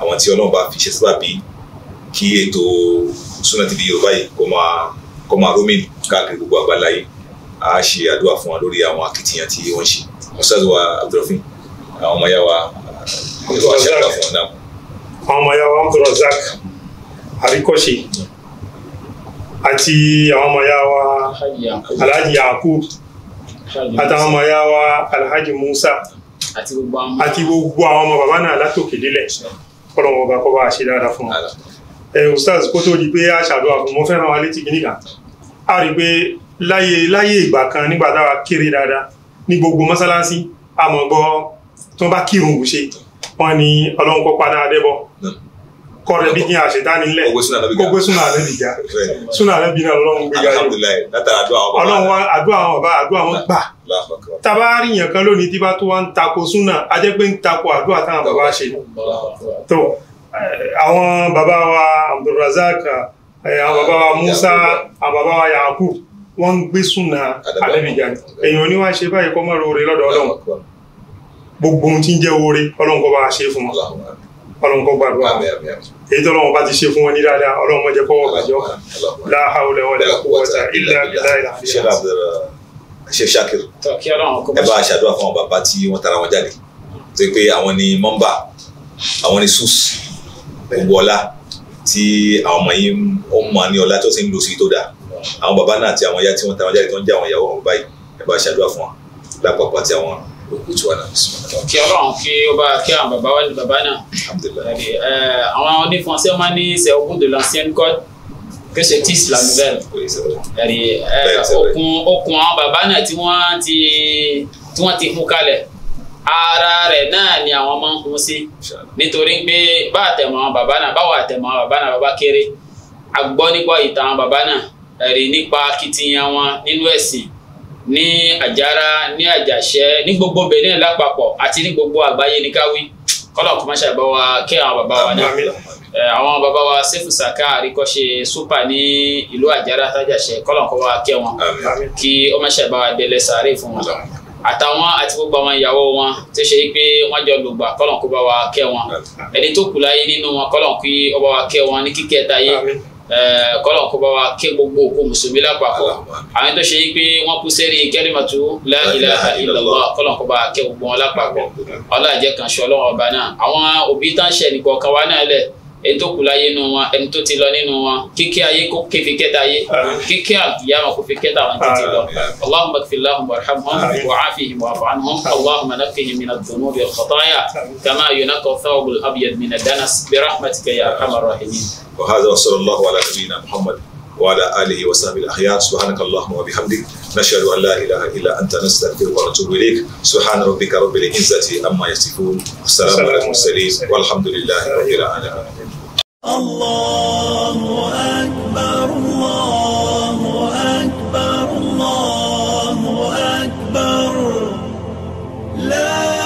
àwọn tí Ọlọ́run bá fi ṣe sábàbí kí ètò Sunna TV Yorùbá yìí kó máa kó máa rómìn káàkiri gbogbo àgbáláyé a ṣe àdúrà fún wa lórí àwọn akitiyan tí wọ́n ṣe ọ̀sán wa Abdulrafin àwọn ọmọ yà wa àṣàkà fún wọn àwọn ọmọ yà wa Abdulrazak Àríkọ́ṣe àti àwọn ọmọ yà Alhaji Yakub àtàwọn ọmọ yà Alhaji Musa àti gbogbo àwọn ọmọ bàbá náà látòkè délẹ̀ kọ́lọ́wọ́ ọba kọ́ bá ṣe dáadáa fún ẹ ustaz kó tó di pé a ṣàdúrà fún mo fẹ́ràn wa létí kìíní kan a rí i pé láyé láyé ìgbà kan nígbà táwa kéré dáadáa ní gbogbo mọ́sálásí a mọ̀ gbọ́ tí wọ́n bá kírun òun ṣe wọ́n ní ọlọ́run kọ́ padà adébọ̀ kọrẹ bí kí a ṣe dání lẹ gbogbo súnà rẹ bìjà súnà rẹ bìjà ọlọ́run gbéga yìí ọlọ́run wa àdúrà àwọn bàbá àdúrà àwọn gbà tabaari yàn kan lónìí tí bá tó wá ń tako súnà a jẹ́ pé ń tako àdúrà táwọn bàbá ṣe tó àwọn bàbá wa Abdulrazak àwọn bàbá wa Musa àwọn bàbá wa Yakub wọ́n ń gbé súnà àlẹ́bìjà èèyàn ní wá ṣe báyìí kọ́ mọ́rọ̀ oore lọ́dọ̀ ọlọ́run gbogbo ohun tí ń jẹ́ oore ọlọ́run kọ́ bá ṣe fún wọn ọlọ́run kọ́ gbàdúrà èyí tó lọ́wọ́ bá ti ṣe fún wọn ní dáadáa ọlọ́run mọ́ jẹ́ kọ́wọ́ bàjọ́ la hawla wala quwwata illa billahi ìlànà ìṣẹ̀lẹ̀ ṣe ṣàkíyèsí ẹ bá ṣàdúrà fún àwọn bàbá tí wọ́n tara wọn jáde tó pé àwọn ni mọ́mbà àwọn ni sus gbogbo ọlá tí àwọn ọmọ yìí ń mọ ní ọlá tó ti ń lò sí tó dáa àwọn bàbá náà àti àwọn ìyá tí wọ́n tara wọn jáde tó ń jẹ́ àwọn ìyàwó àwọn báyìí ẹ bá ṣàdúrà fún wọn lápapọ̀ àti àwọn òkú tí wà náà. kí ọlọ́run kí ó bá kí àwọn bàbá wà ní bàbá náà. àwọn onífọ̀nsẹ́ máa ń ní sẹ́ ogún de l'ancienne code que christianity la nouvelle ẹ̀rí okun okun àwọn bàbá náà tí wọ́n ti tí wọ́n ti kú kalẹ̀ ara rẹ̀ náà ni àwọn máa ń kun sí nítorí pé bá àtẹ̀mọ́ àwọn bàbá náà báwo àtẹ̀mọ́ àwọn bàbá náà bàbá kéré àgbọ́ nípa ìtàn àwọn bàbá náà ẹ̀rí nípa akitiyan wọn nínú ẹ̀sìn ní àjára ní àjàṣẹ ní gbogbo benin lápapọ̀ àti ní gbogbo àgbáyé ní káwí kọ́lọ̀ kọ́mọ́ṣà bá kí àwọn bàbá wa náà. Eh, àwọn baba wa sefu saka àríkọ́ṣe súpà ní ìlú àjára tájàṣe kọ́lọ̀kọ́ wa kẹ́ wọn kí ọmọ ṣẹ̀bá wa délẹ̀ sàárè fún wọn àtàwọn àti gbogbo àwọn ìyàwó wọn tó ṣe pé wọ́n jọ lògbà kọ́lọ̀kọ́ bá wa kẹ́ wọn ẹni tó kù láyé nínú wọn kọ́lọ̀kọ́ ọba wa kẹ́ wọn ní kíkẹ́ táyé eh, kọlọ̀ wa ké gbogbo òkú mùsùlùmí lápapọ̀ àwọn tó ṣe pé wọ́n kú sẹ́rí kẹ́límàtú la ilaha illallah kọlọ̀ kó bá ké gbogbo wọn lápapọ̀ ọlọ́àjẹ́ kan ṣọlọ́wọ́n ọba náà àwọn òbí tá ẹni tó kù láyé nínú wọn ẹni tó ti lọ nínú wa kíkẹ́ ayé kó ké fi kẹ́ta ayé kíkẹ́ ma kó fi kẹ́ta àwọn tó ti lọ allahumma kfilahum warhamhum wa'afihim wa'fu anhum allahumma nakkihim min adh-dhunubi wal khataaya kama yunqqa thawb al-abyad min ad-danas bi rahmatika ya arhamar rahimin wa hadha wa sallallahu ala nabiyyina muhammad وعلى آله وصحبه الأخيار سبحانك اللهم وبحمدك نشهد أن لا إله إلا أنت نستغفرك ونتوب إليك سبحان ربك رب العزة أما يصفون والسلام على المرسلين والحمد لله رب العالمين الله أكبر الله أكبر الله أكبر لا